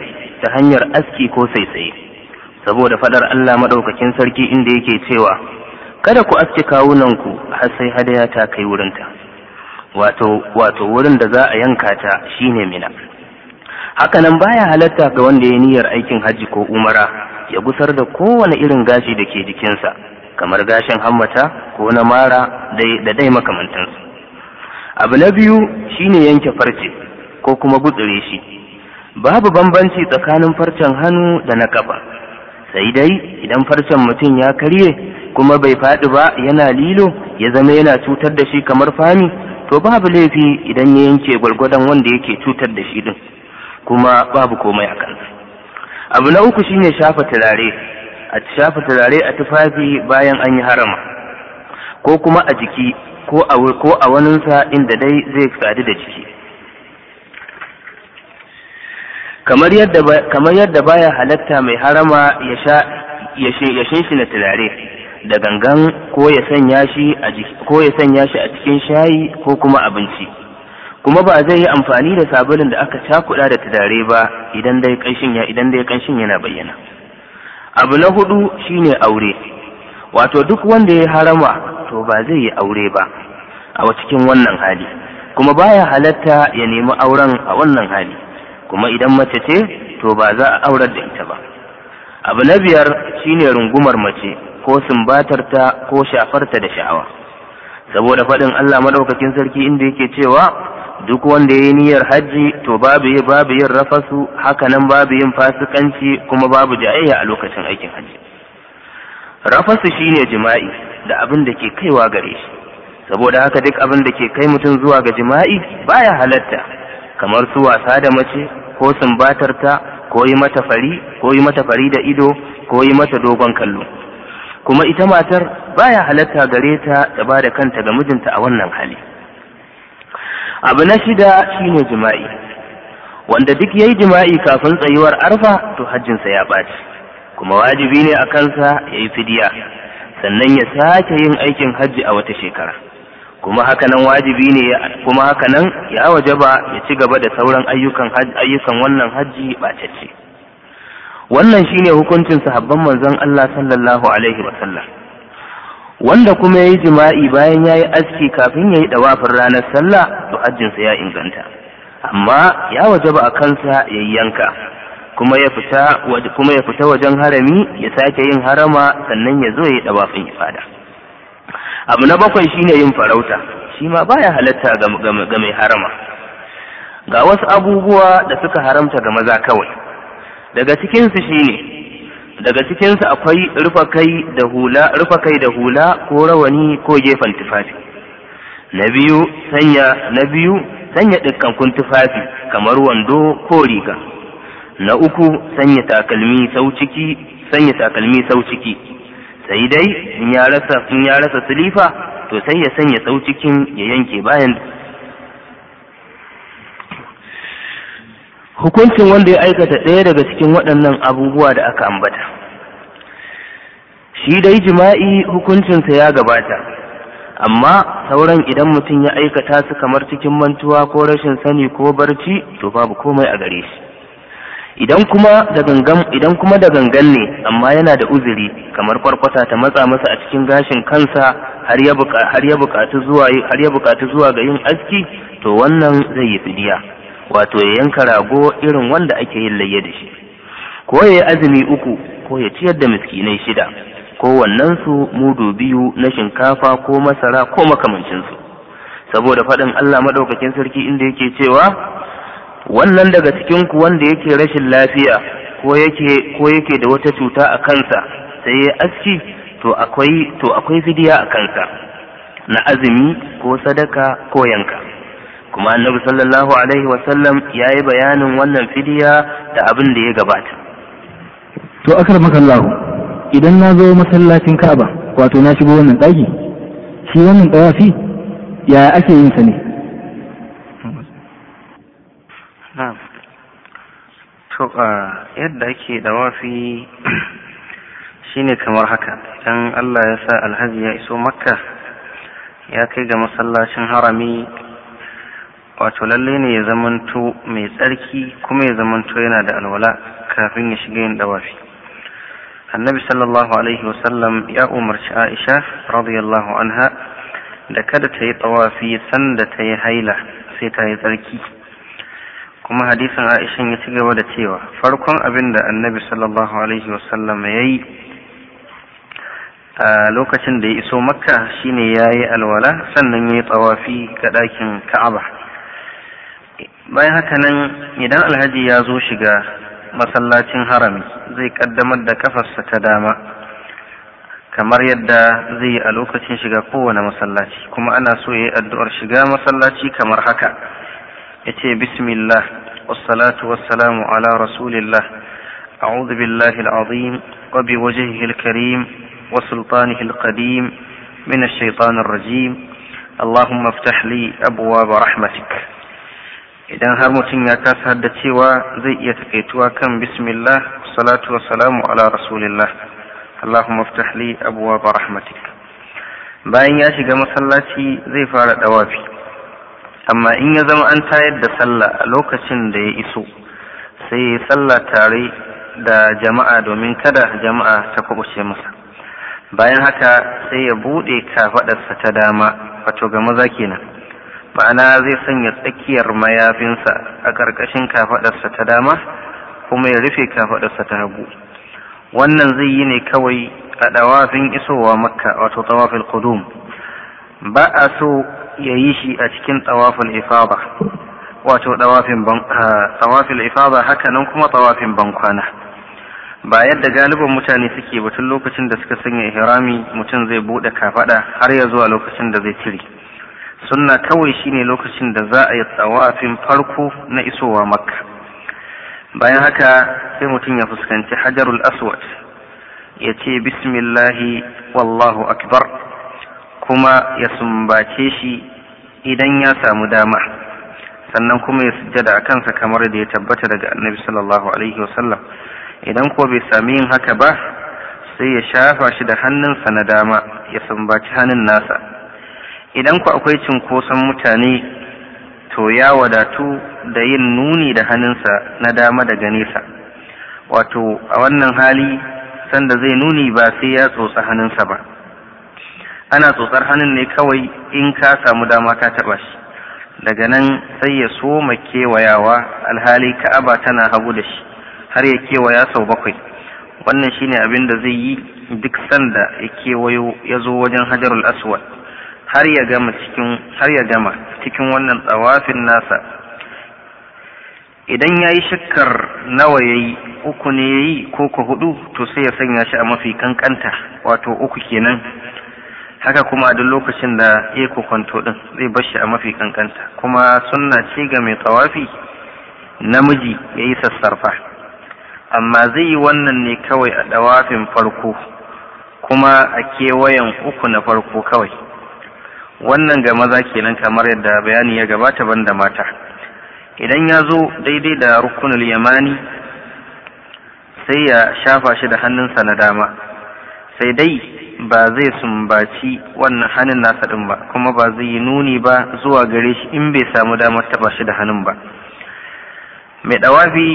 ta hanyar aski ko saisaye saboda faɗar Allah Madaukakin sarki inda yake cewa kada ku aske kawunanku har sai hadaya ta kai wurinta wato wato wurin da za a yanka ta shine mina haka nan baya halatta ga wanda ya niyyar aikin hajji ko umara ya gusar da kowane irin gashi da ke jikinsa kamar gashin hammata ko na mara da dai makamantansu abu na biyu shine yanke farce ko kuma gutsure shi babu bambanci tsakanin farcen hannu da na kafa sai dai idan farcen mutum ya karye kuma bai faɗi ba yana lilo ya zama yana cutar da shi kamar fami to babu laifi idan ya yanke gwargwadon wanda yake cutar da shi din kuma babu komai a kansa abu na uku shine shafa turare a shafa turare a tufafi bayan an yi harama ko kuma a jiki ko a ko a waninsa inda dai zai sadu da jiki kamar yadda baya halatta mai harama ya sha ya turare da gangan ko ya sanya shi a cikin shayi ko kuma abinci kuma ba zai yi amfani da sabulun da aka cakuɗa da tudare ba idan dai kanshin idan dai kanshin yana bayyana abu na hudu shine aure wato duk wanda ya harama to ba zai yi aure ba a cikin wannan hali kuma baya halatta ya nemi auren a wannan hali kuma idan mace ce to ba za a aurar da ita ba abu na biyar shine rungumar mace ko sumbatarta ko shafarta da sha'awa saboda faɗin Allah maɗaukakin sarki inda yake cewa duk wanda ya yi niyyar hajji to babu yi babu yin rafasu haka nan babu yin fasikanci kuma babu jayayya a lokacin aikin hajji rafasu shine jima'i da abin da ke kaiwa gare shi saboda haka duk abin da ke kai mutum zuwa ga jima'i baya halatta kamar su wasa da mace ko sumbatarta ko yi mata fari ko yi mata fari da ido ko yi mata dogon kallo kuma ita matar baya halatta gare ta da ba da kanta ga mijinta a wannan hali abu na shida shine jima'i wanda duk yayi jima'i kafin tsayuwar arfa to hajjinsa ya ɓaci kuma wajibi ne a kansa ya yi fidiya sannan ya sake yin aikin hajji a wata shekara kuma hakanan wajibi ne kuma hakanan ya wajaba ya ci gaba da sauran ayyukan wannan hajji ɓacacce wannan shine hukuncin sahabban manzon Allah sallallahu alaihi wasallam wanda kuma yayi jima'i bayan yayi aski kafin ya yi dawafin ranar sallah to hajjinsa ya inganta amma ya wajaba a kansa ya kuma ya kuma ya fita wajen harami ya sake yin harama sannan ya zo ya dawafin ifada abu na bakwai shine yin farauta shi ma baya halatta ga mai harama ga wasu abubuwa da suka haramta ga maza kawai daga cikinsu ne. daga cikinsu akwai rufa kai da hula kai da hula ko rawani ko gefen tufafi na biyu sanya na biyu sanya dukkan tufafi kamar wando ko riga na uku sanya takalmi sau ciki sanya takalmi sau ciki sai dai in ya rasa in ya rasa silifa to sai ya sanya sau cikin ya yanke bayan hukuncin wanda ya aikata ɗaya daga cikin waɗannan abubuwa da aka ambata shi dai jima'i hukuncinsa ya gabata amma sauran idan mutum ya aikata su kamar cikin mantuwa ko rashin sani ko barci to babu komai a gare shi idan kuma da gangan ne amma yana da uzuri kamar kwarkwata ta matsa masa a cikin gashin kansa har ya buƙatu zuwa zuwa ga yin aski to wannan zai yi fidiya wato ya yanka rago irin wanda ake yin layya da shi ko ya azumi uku ko ya ciyar da miskinai shida ko wannansu mudu biyu na shinkafa ko masara ko makamancinsu saboda faɗin Allah maɗaukakin sarki inda yake cewa wannan daga cikinku wanda yake rashin lafiya ko yake ko yake da wata cuta a kansa sai ya aski to akwai to akwai fidiya a kansa na azumi ko sadaka ko yanka kuma annabi sallallahu alaihi wasallam ya yi bayanin wannan fidiya da abin da ya gabata to akar makallahu idan na zo masallacin ka'aba wato na shigo wannan ɗaki shi wannan ɗawafi yaya ake yin sa ne to yadda ake ɗawafi shi ne kamar haka idan Allah ya sa alhaji ya iso makka ya kai ga masallacin harami wato lalle ne ya zamanto mai tsarki kuma ya zamanto yana da alwala kafin ya shiga yin dawafi annabi sallallahu alaihi wasallam ya umarci aisha radiyallahu anha da kada ta yi tawafi sanda ta yi haila sai ta yi tsarki kuma hadisin aishan ya ci gaba da cewa farkon abin da annabi sallallahu alaihi wasallam ya yi a lokacin da ya iso makka shine ya yi alwala sannan ya yi tawafi ga ɗakin ka'aba bayan haka nan idan alhaji ya zo shiga masallacin harami zai kaddamar da kafarsa ta dama kamar yadda zai yi a lokacin shiga kowane masallaci kuma ana so ya yi addu'ar shiga masallaci kamar haka ya ce bismillah wassalatu wassalamu ala rasulillah a'udhu billahi al'azim wa bi wajhihi al-karim wa sultanihi al-qadim min ash-shaytanir rajim اللهم افتح لي أبواب رحمتك idan har mutum ya kasa da cewa zai iya takaituwa kan bismillah salatu wa salamu ala rasulillah allahumma iftah li abwaab rahmatik bayan ya shiga masallaci zai fara dawafi amma in ya zama an tayar da sallah a lokacin da ya iso sai sallah tare da jama'a domin kada jama'a ta kubuce masa bayan haka sai ya bude kafadarsa ta dama wato ga maza kenan ma'ana zai sanya tsakiyar mayafinsa a ƙarƙashin kafaɗarsa ta dama kuma ya rufe kafaɗarsa ta hagu wannan zai yi ne kawai a ɗawafin isowa makka wato tawafin Kudum. ba a so ya yi shi a cikin tawafin Ifaba, wato tawafin Ifaba haka nan kuma tawafin bankwana ba yadda galibin mutane suke batun lokacin da suka sanya ihrami mutum zai buɗe kafaɗa har ya zuwa lokacin da zai cire sunna kawai shine lokacin da za a yi tsawafin farko na isowa makka bayan haka sai mutum ya fuskanci hajarul aswad ya ce bismillahi wallahu akbar kuma ya sumbace shi idan ya samu dama sannan kuma ya sujjada a kansa kamar da ya tabbata daga annabi sallallahu alaihi wasallam idan ko bai sami yin haka ba sai ya shafa shi da hannunsa na dama ya sumbaci hannun nasa idan ku akwai cinkoson mutane to ya wadatu da yin nuni da hannunsa na dama daga nesa wato a wannan hali sanda zai nuni ba sai ya tsotsa hannunsa ba ana tsotsar hannun ne kawai in ka samu dama ka taɓa shi daga nan sai ya soma kewayawa alhali ka'aba tana hagu da shi har ya kewaya sau bakwai wannan shine abin da zai yi duk sanda ya kewayo ya zo wajen hajarul aswad har ya gama cikin har ya gama cikin wannan tsawafin nasa idan ya yi shakkar nawa ya yi uku ne ya yi ko ko hudu to sai ya sanya shi a mafi kankanta wato uku kenan haka kuma a duk lokacin da ya kokonto din zai bar shi a mafi kankanta kuma sunna ce ga mai tsawafi namiji ya yi sassarfa amma zai yi wannan ne kawai a dawafin farko kuma a kewayen uku na farko kawai wannan ga maza kenan kamar yadda bayani ya gabata banda mata idan ya zo daidai da rukunul yamani sai ya shafa shi da hannunsa na dama sai dai ba zai sumbaci wannan hannun nasa din ba kuma ba zai yi nuni ba zuwa gare shi in bai samu damar taba shi da hannun ba mai dawafi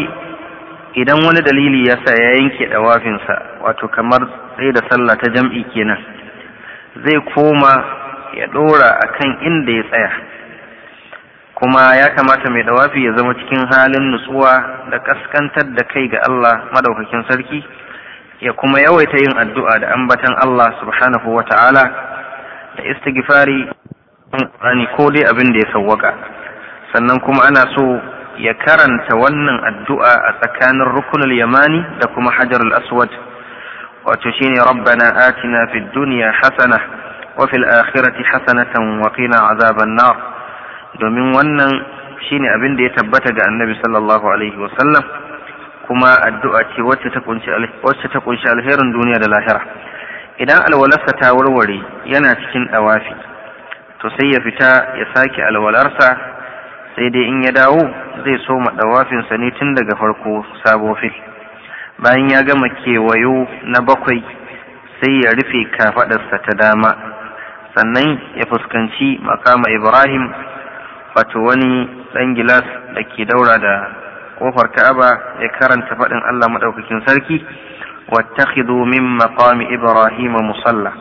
idan wani dalili ya sa ya yanke ɗawafinsa wato kamar sai da sallah ta jam'i kenan zai koma ya ɗora a kan inda ya tsaya kuma ya kamata mai dawafi ya zama cikin halin nutsuwa da kaskantar da kai ga Allah madaukakin sarki ya kuma yawaita yin addu'a da ambatan Allah subhanahu wa ta'ala da istighfari rani ko dai abin da ya sawwaka sannan kuma ana so ya karanta wannan addu'a a tsakanin rukunul yamani da kuma hajarul aswad wato shine rabbana atina fid dunya hasana wa fil akhirati hasanatan wa qina azaban domin wannan shine abin da ya tabbata ga annabi sallallahu alaihi wa sallam kuma addu'a ce wacce ta kunshi alherin duniya da lahira idan alwalarsa ta warware yana cikin dawafi to sai ya fita ya sake alwalarsa sai dai in ya dawo zai soma ɗawafinsa dawafinsa ne tun daga farko sabo fil bayan ya gama kewayo na bakwai sai ya rufe kafadarsa ta dama sannan ya fuskanci makama ibrahim wato wani ɗan gilas da ke daura da ƙofar ka'aba ya karanta faɗin allah maɗaukakin sarki wattakhidhu min maqami ibrahim musalla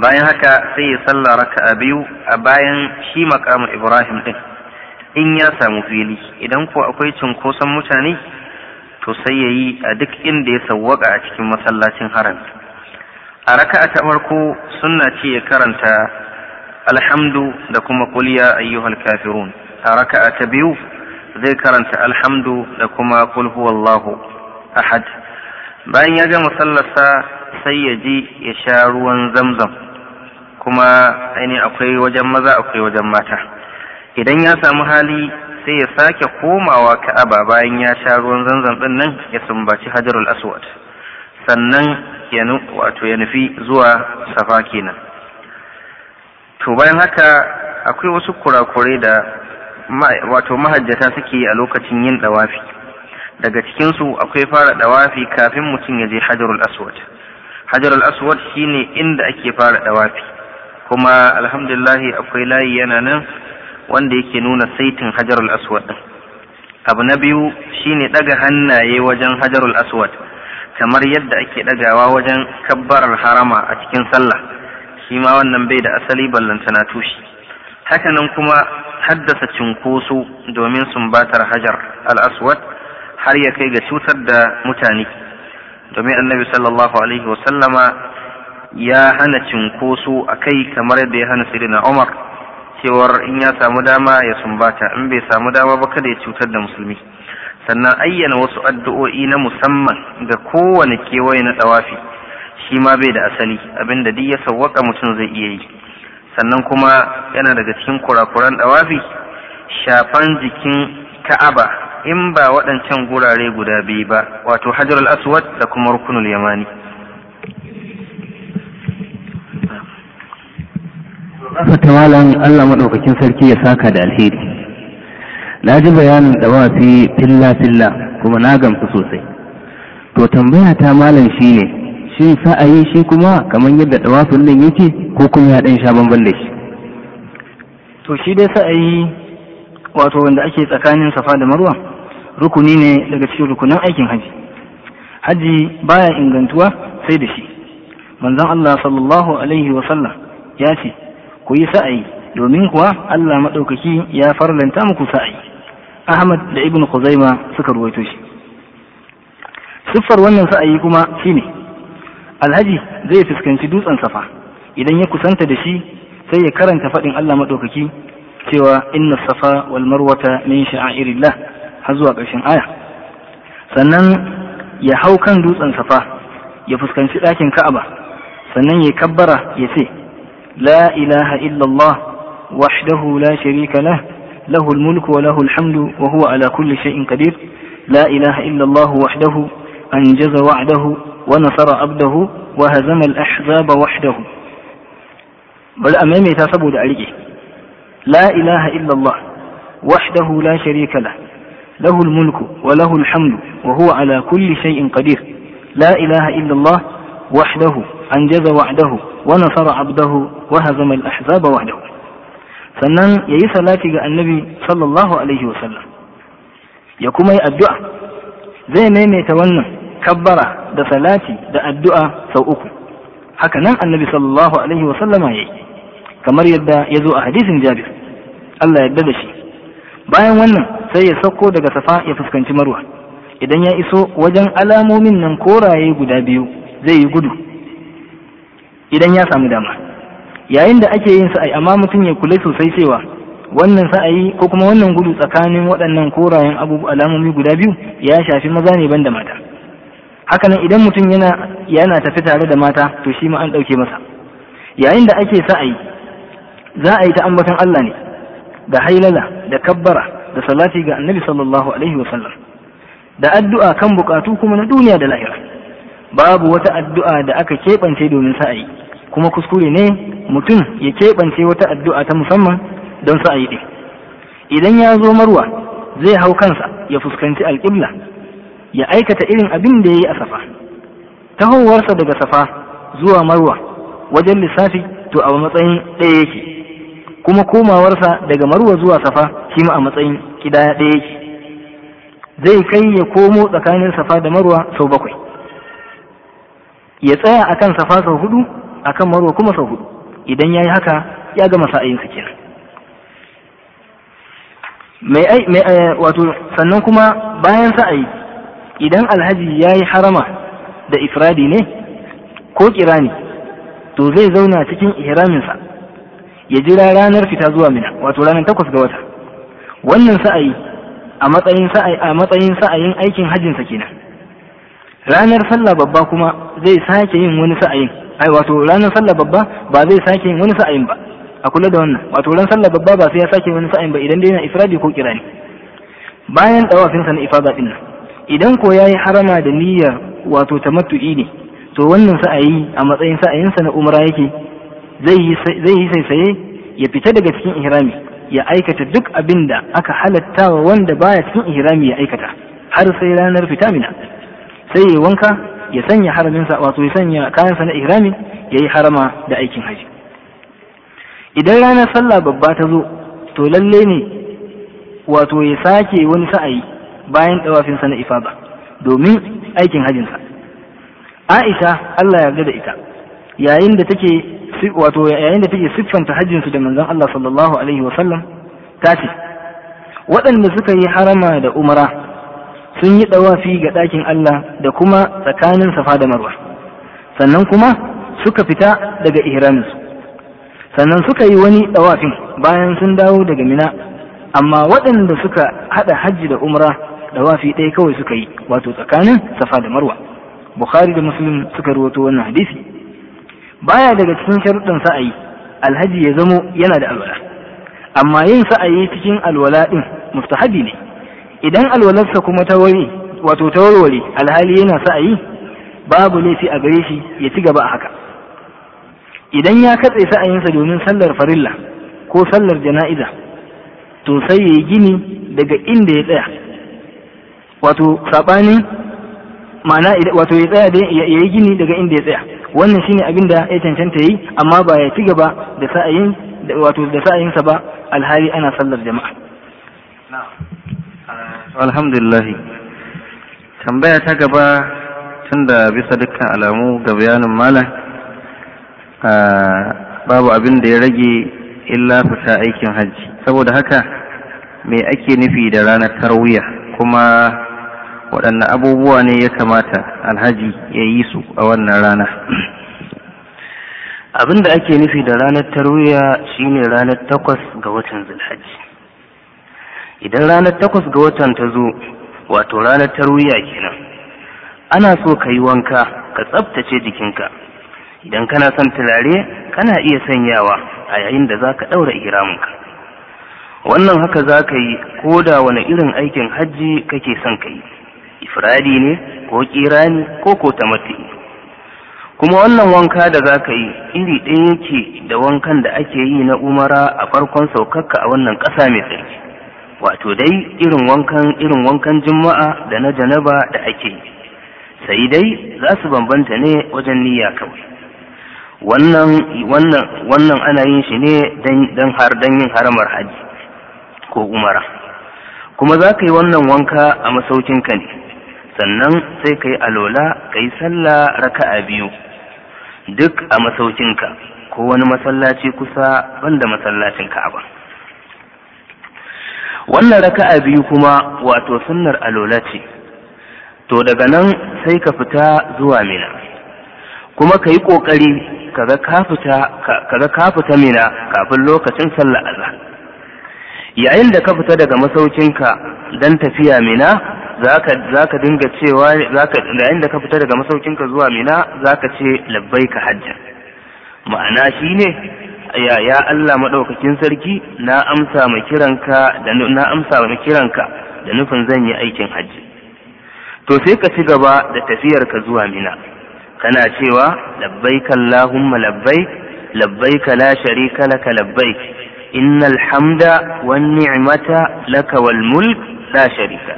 bayan haka sai ya salla raka'a biyu a bayan shi maqamu ibrahim din in ya samu fili idan ko akwai cinkoson mutane to sai yayi a duk inda ya sawwaka a cikin masallacin haram a raka'a ta farko suna ce ya karanta alhamdu da kuma kuliya ayyuhal kafirun a raka'a ta biyu zai karanta alhamdu da kuma wallahu. huwallahu ahad bayan ya gama sallarsa sai ya ji ya sha ruwan zamzam kuma aini akwai wajen maza akwai wajen mata idan ya samu hali sai ya sake komawa ka'aba bayan ya sha ruwan zanzan din nan ya sumbaci hajarul aswad sannan ya wato ya nufi zuwa safa kenan to bayan haka akwai wasu kurakurai da wato mahajjata suke a lokacin yin dawafi daga cikinsu akwai fara dawafi kafin mutum ya je hajarul aswad hajarul aswad shine inda ake fara dawafi kuma alhamdulillah akwai layi yana nan wanda yake nuna saitin hajarul aswad abu na biyu shine daga hannaye wajen hajarul aswad kamar yadda ake ɗagawa wajen kabbarar harama a cikin sallah shi ma wannan bai da asali ballantana tushe hakanan kuma haddasa cinkoso domin sumbatar hajar al-aswad har ya kai ga cutar da mutane domin annabi sallallahu alaihi wasallama ya hana cinkoso a kai kamar yadda ya hana sirina umar cewar in ya samu dama ya sumbata in bai samu dama ba kada ya cutar da musulmi sannan ayyana wasu addu'o'i na musamman ga kowane kewaye na ɗawafi shi ma bai da asali abinda duk ya sawwaka mutum zai iya yi sannan kuma yana daga cikin kurakuran ɗawafi, shafan jikin ka'aba in ba waɗancan gurare guda biyu ba wato hajarul aswad da kuma rukunul yamani ta Allah maɗaukakin sarki ya saka da alheri. na ji bayanin dawafi filla-filla kuma na gamsu sosai to tambaya ta malam shi ne shin sa'ayi shi kuma kamar yadda ɗawafin nan yake ko kuma ya ɗan sha bamban da shi to shi dai sa'ayi wato wanda ake tsakanin safa da marwa rukuni ne daga cikin rukunin aikin haji haji baya ingantuwa sai da shi manzon Allah sallallahu alaihi wa sallam ya ce ku yi sa'ayi domin kuwa Allah maɗaukaki ya farlanta muku sa'ayi Ahmad da Ibn Khuzaima suka ruwaito shi siffar wannan sa'ayi kuma shine alhaji zai fuskanci dutsen safa idan ya kusanta da shi sai ya karanta faɗin Allah maɗaukaki cewa inna safa wal marwata min la har zuwa ƙarshen aya sannan ya hau kan dutsen safa ya fuskanci ɗakin ka'aba sannan ya kabbara ya ce la ilaha illallah wahdahu la sharika lah له الملك وله الحمد وهو على كل شيء قدير لا إله إلا الله وحده أنجز وعده ونصر عبده وهزم الأحزاب وحده بل أمامي تصبد عليه لا إله إلا الله وحده لا شريك له له الملك وله الحمد وهو على كل شيء قدير لا إله إلا الله وحده أنجز وعده ونصر عبده وهزم الأحزاب وحده sannan ya yi salati ga annabi sallallahu alaihi wasallam ya kuma yi addu'a zai maimaita wannan kabbara da salati da addu'a sau uku haka nan annabi sallallahu alaihi wasallama ya yi kamar yadda ya zo a hadisin jabir Allah yadda da shi bayan wannan sai ya sauko daga safa ya fuskanci marwa idan ya iso wajen alamomin nan koraye guda biyu zai yi gudu idan ya samu dama yayin da ake yin sa'ayi amma mutum ya kula sosai cewa wannan sa'ayi ko kuma wannan gudu tsakanin waɗannan korayen abubuwa alamomi guda biyu ya shafi maza ne banda mata hakanan idan mutum yana yana tafi tare da mata to shi ma an ɗauke masa yayin da ake sa'ayi za a yi ta ambaton Allah ne da hailala da kabbara da salati ga annabi sallallahu alaihi wa sallam da addu'a kan bukatu kuma na duniya da lahira babu wata addu'a da aka keɓance domin sa'ayi kuma kuskure ne mutum ya keɓance wata addu'a ta musamman don yi ɗin idan ya zo marwa zai hau kansa ya fuskanci alƙibla ya aikata irin abin da ya yi a safa tahowarsa daga safa zuwa marwa wajen lissafi to a matsayin ɗaya yake kuma komawarsa daga marwa zuwa safa shi a matsayin kida ɗaya yake zai kai ya komo tsakanin safa da marwa sau bakwai ya tsaya akan safa sau hudu akan marwa kuma sau hudu idan ya yi haka ya gama sa'ayinsa kenan mai ai eh, wato sannan kuma bayan sa'ayi idan alhaji ya yi harama da ifradi ne ko kirani to zai zauna cikin ihraminsa ya jira ranar fita zuwa mina wato ranar takwas ga wata wannan sa'ayi a matsayin sa'ayi a matsayin sa'ayin aikin hajjinsa kenan ranar sallah babba kuma zai sake yin wani sa'ayin ai wato ranar sallah babba ba zai sake wani sa'ayin ba a kula da wannan wato ran sallah babba ba sai ya sake wani sa'ayin ba idan dai na ifradi ko kirani bayan dawafin sa na ifada din idan ko yayi harama da niyyar wato tamattu'i ne to wannan sa'ayi a matsayin sa'ayin sa na umra yake zai yi zai yi saisaye ya fita daga cikin ihrami ya aikata duk abin da aka halatta wa wanda baya cikin ihrami ya aikata har sai ranar fitamina sai ya wanka ya sanya haraminsa wato ya sanya kayansa na ihrami ya yi harama da aikin haji idan ranar sallah babba ta zo to lalle ne wato ya sake wani sa'ayi bayan ɗawafinsa na ifada domin aikin hajinsa aisha allah yarda da ita yayin da take wato yayin da take siffanta hajjinsu da manzon Allah sallallahu alaihi wa sallam ta ce waɗanda suka yi harama da umara sun yi ɗawafi ga ɗakin Allah da kuma tsakanin safa da marwa sannan kuma suka fita daga ihraminsu sannan suka yi wani ɗawafin bayan sun dawo daga mina amma waɗanda suka haɗa hajji da umra ɗawafi ɗaya kawai suka yi wato tsakanin safa da marwa bukhari da muslim suka ruwato wannan hadisi baya daga cikin sharuɗin sa'ayi alhaji ya zamo yana da alwala amma yin sa'ayi cikin alwala ɗin mustahabi ne idan alwalarsa kuma ta wari wato ta warware alhali yana sa a yi babu laifi a gare shi ya ci gaba a haka idan ya katse sa'ayinsa domin sallar farilla ko sallar jana'iza to sai ya yi gini daga inda ya tsaya wato saɓani ma'ana wato ya tsaya ya yi gini daga inda ya tsaya wannan shine abin da ya cancanta yi amma ba ya ci gaba da sa'ayin wato da sa'ayinsa ba alhali ana sallar jama'a alhamdulillahi tambaya ta gaba tun da bisa dukkan alamu ga bayanin malam babu abin da ya rage illa fita aikin hajji saboda haka me ake nufi da ranar tarwiya kuma waɗanne abubuwa ne ya kamata alhaji ya yi su a wannan rana abin da ake nufi da ranar tarwiya shine ranar takwas ga watan Zulhaji. idan ranar takwas ga watan ta zo wato ranar tarwiya kenan ana so ka yi wanka ka tsabtace jikinka idan kana son turare kana iya sanyawa a yayin da za ka ɗaura iramunka wannan haka za ka yi ko da wani irin aikin hajji kake son ka yi ifradi ne ko kirani ko ko tamati kuma wannan wanka da za ka yi iri ɗaya yake da wankan da ake yi na umara a farkon saukarka a wannan ƙasa mai tsarki wato dai irin wankan irin wankan juma'a da na janaba da ake yi sai dai za su bambanta ne wajen niyya kawai wannan wannan wannan ana yin shi ne dan har dan yin haramar haji ko umara kuma za ka yi wannan wanka a ka ne sannan sai ka yi alola ka yi sallah raka'a biyu duk a ka, ko wani masallaci kusa banda masallacin ka'aba. ba wannan raka'a biyu kuma wato sunnar alola ce to daga nan sai ka fita zuwa mina kuma ka yi ƙoƙari kaga ka fita mina kafin lokacin sallah azhar yayin da ka fita daga masaukinka don tafiya mina za ka dinga cewa yayin da ka fita daga masaukinka zuwa mina za ka ce labbai ka hajja ma'ana shine ya ya Allah madaukakin sarki na amsa ma kiranka da na amsa mai kiranka da nufin zan yi aikin hajji to sai ka ci gaba da tafiyar ka zuwa mina kana cewa labbai allahumma labbaik labbaik la sharika laka labbaik innal hamda wan ni'mata laka wal mulk la sharika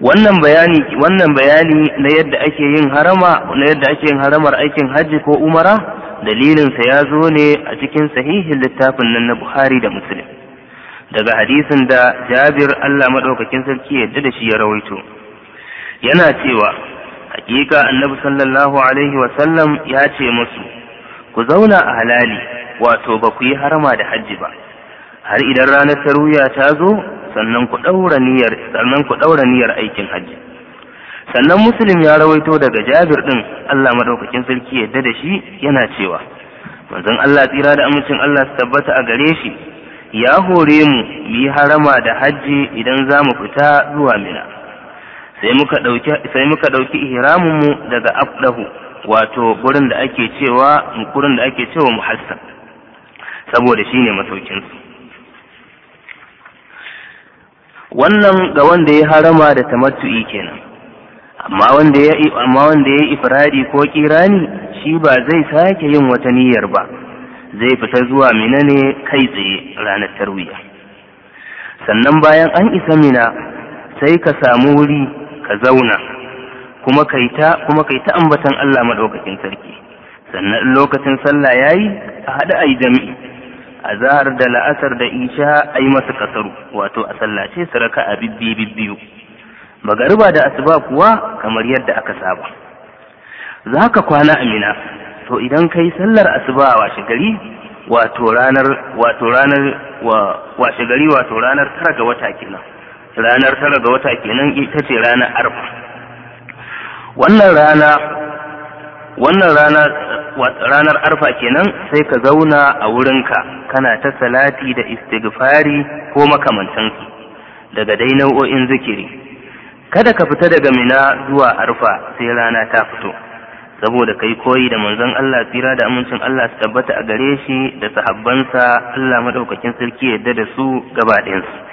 wannan bayani wannan bayani na yadda ake yin harama na yadda ake yin haramar aikin hajji ko umara dalilinsa ya zo ne a cikin sahihin littafin nan na Buhari da Muslim daga hadisin da Jabir Allah Maɗaukakin sarki yadda da shi ya rawaito yana cewa hakika annabi sallallahu alaihi ya ce musu ku zauna a halali wato ba ku yi harama da hajji ba har idan ranar taruya ta zo sannan ku ɗaura niyyar aikin hajji sannan muslim ya rawaito daga jabir din Allah madaukakin sarki yadda da shi yana cewa manzon Allah tsira da amincin Allah su tabbata a gare shi ya hore mu yi harama da hajji idan za mu fita zuwa mina sai muka ɗauki sai mu daga afdahu wato gurin da ake cewa gurin da ake cewa muhassan saboda shine masaukin su wannan ga wanda ya harama da tamattu'i kenan amma wanda ya yi wanda ifradi ko kirani shi ba zai sake yin wata niyyar ba zai fita zuwa mina ne kai tsaye ranar tarwiya sannan bayan an isa mina sai ka samu wuri ka zauna kuma kai ta kai ta ambatan Allah madaukakin sarki sannan lokacin sallah yayi a hada ai jami'i zahar da la'asar da isha ai masa kasaru wato a sallace su raka'a bibbiyu bibbiyu magariba da asuba kuwa kamar yadda aka saba za ka kwana amina to idan ka yi sallar asuba a washe wato ranar wato ranar washe wato ranar tara ga wata kenan ranar tara ga wata kenan ita ce ranar arfa wannan rana wannan rana ranar arfa kenan sai ka zauna a wurinka kana ta salati da istighfari ko makamantansu daga dai nau'o'in zikiri kada ka fita daga mina zuwa arfa sai rana ta fito saboda kai koyi da manzon Allah tsira da amincin Allah su tabbata a gare shi da sahabbansa Allah madaukakin sarki yadda da su gaba ɗayansu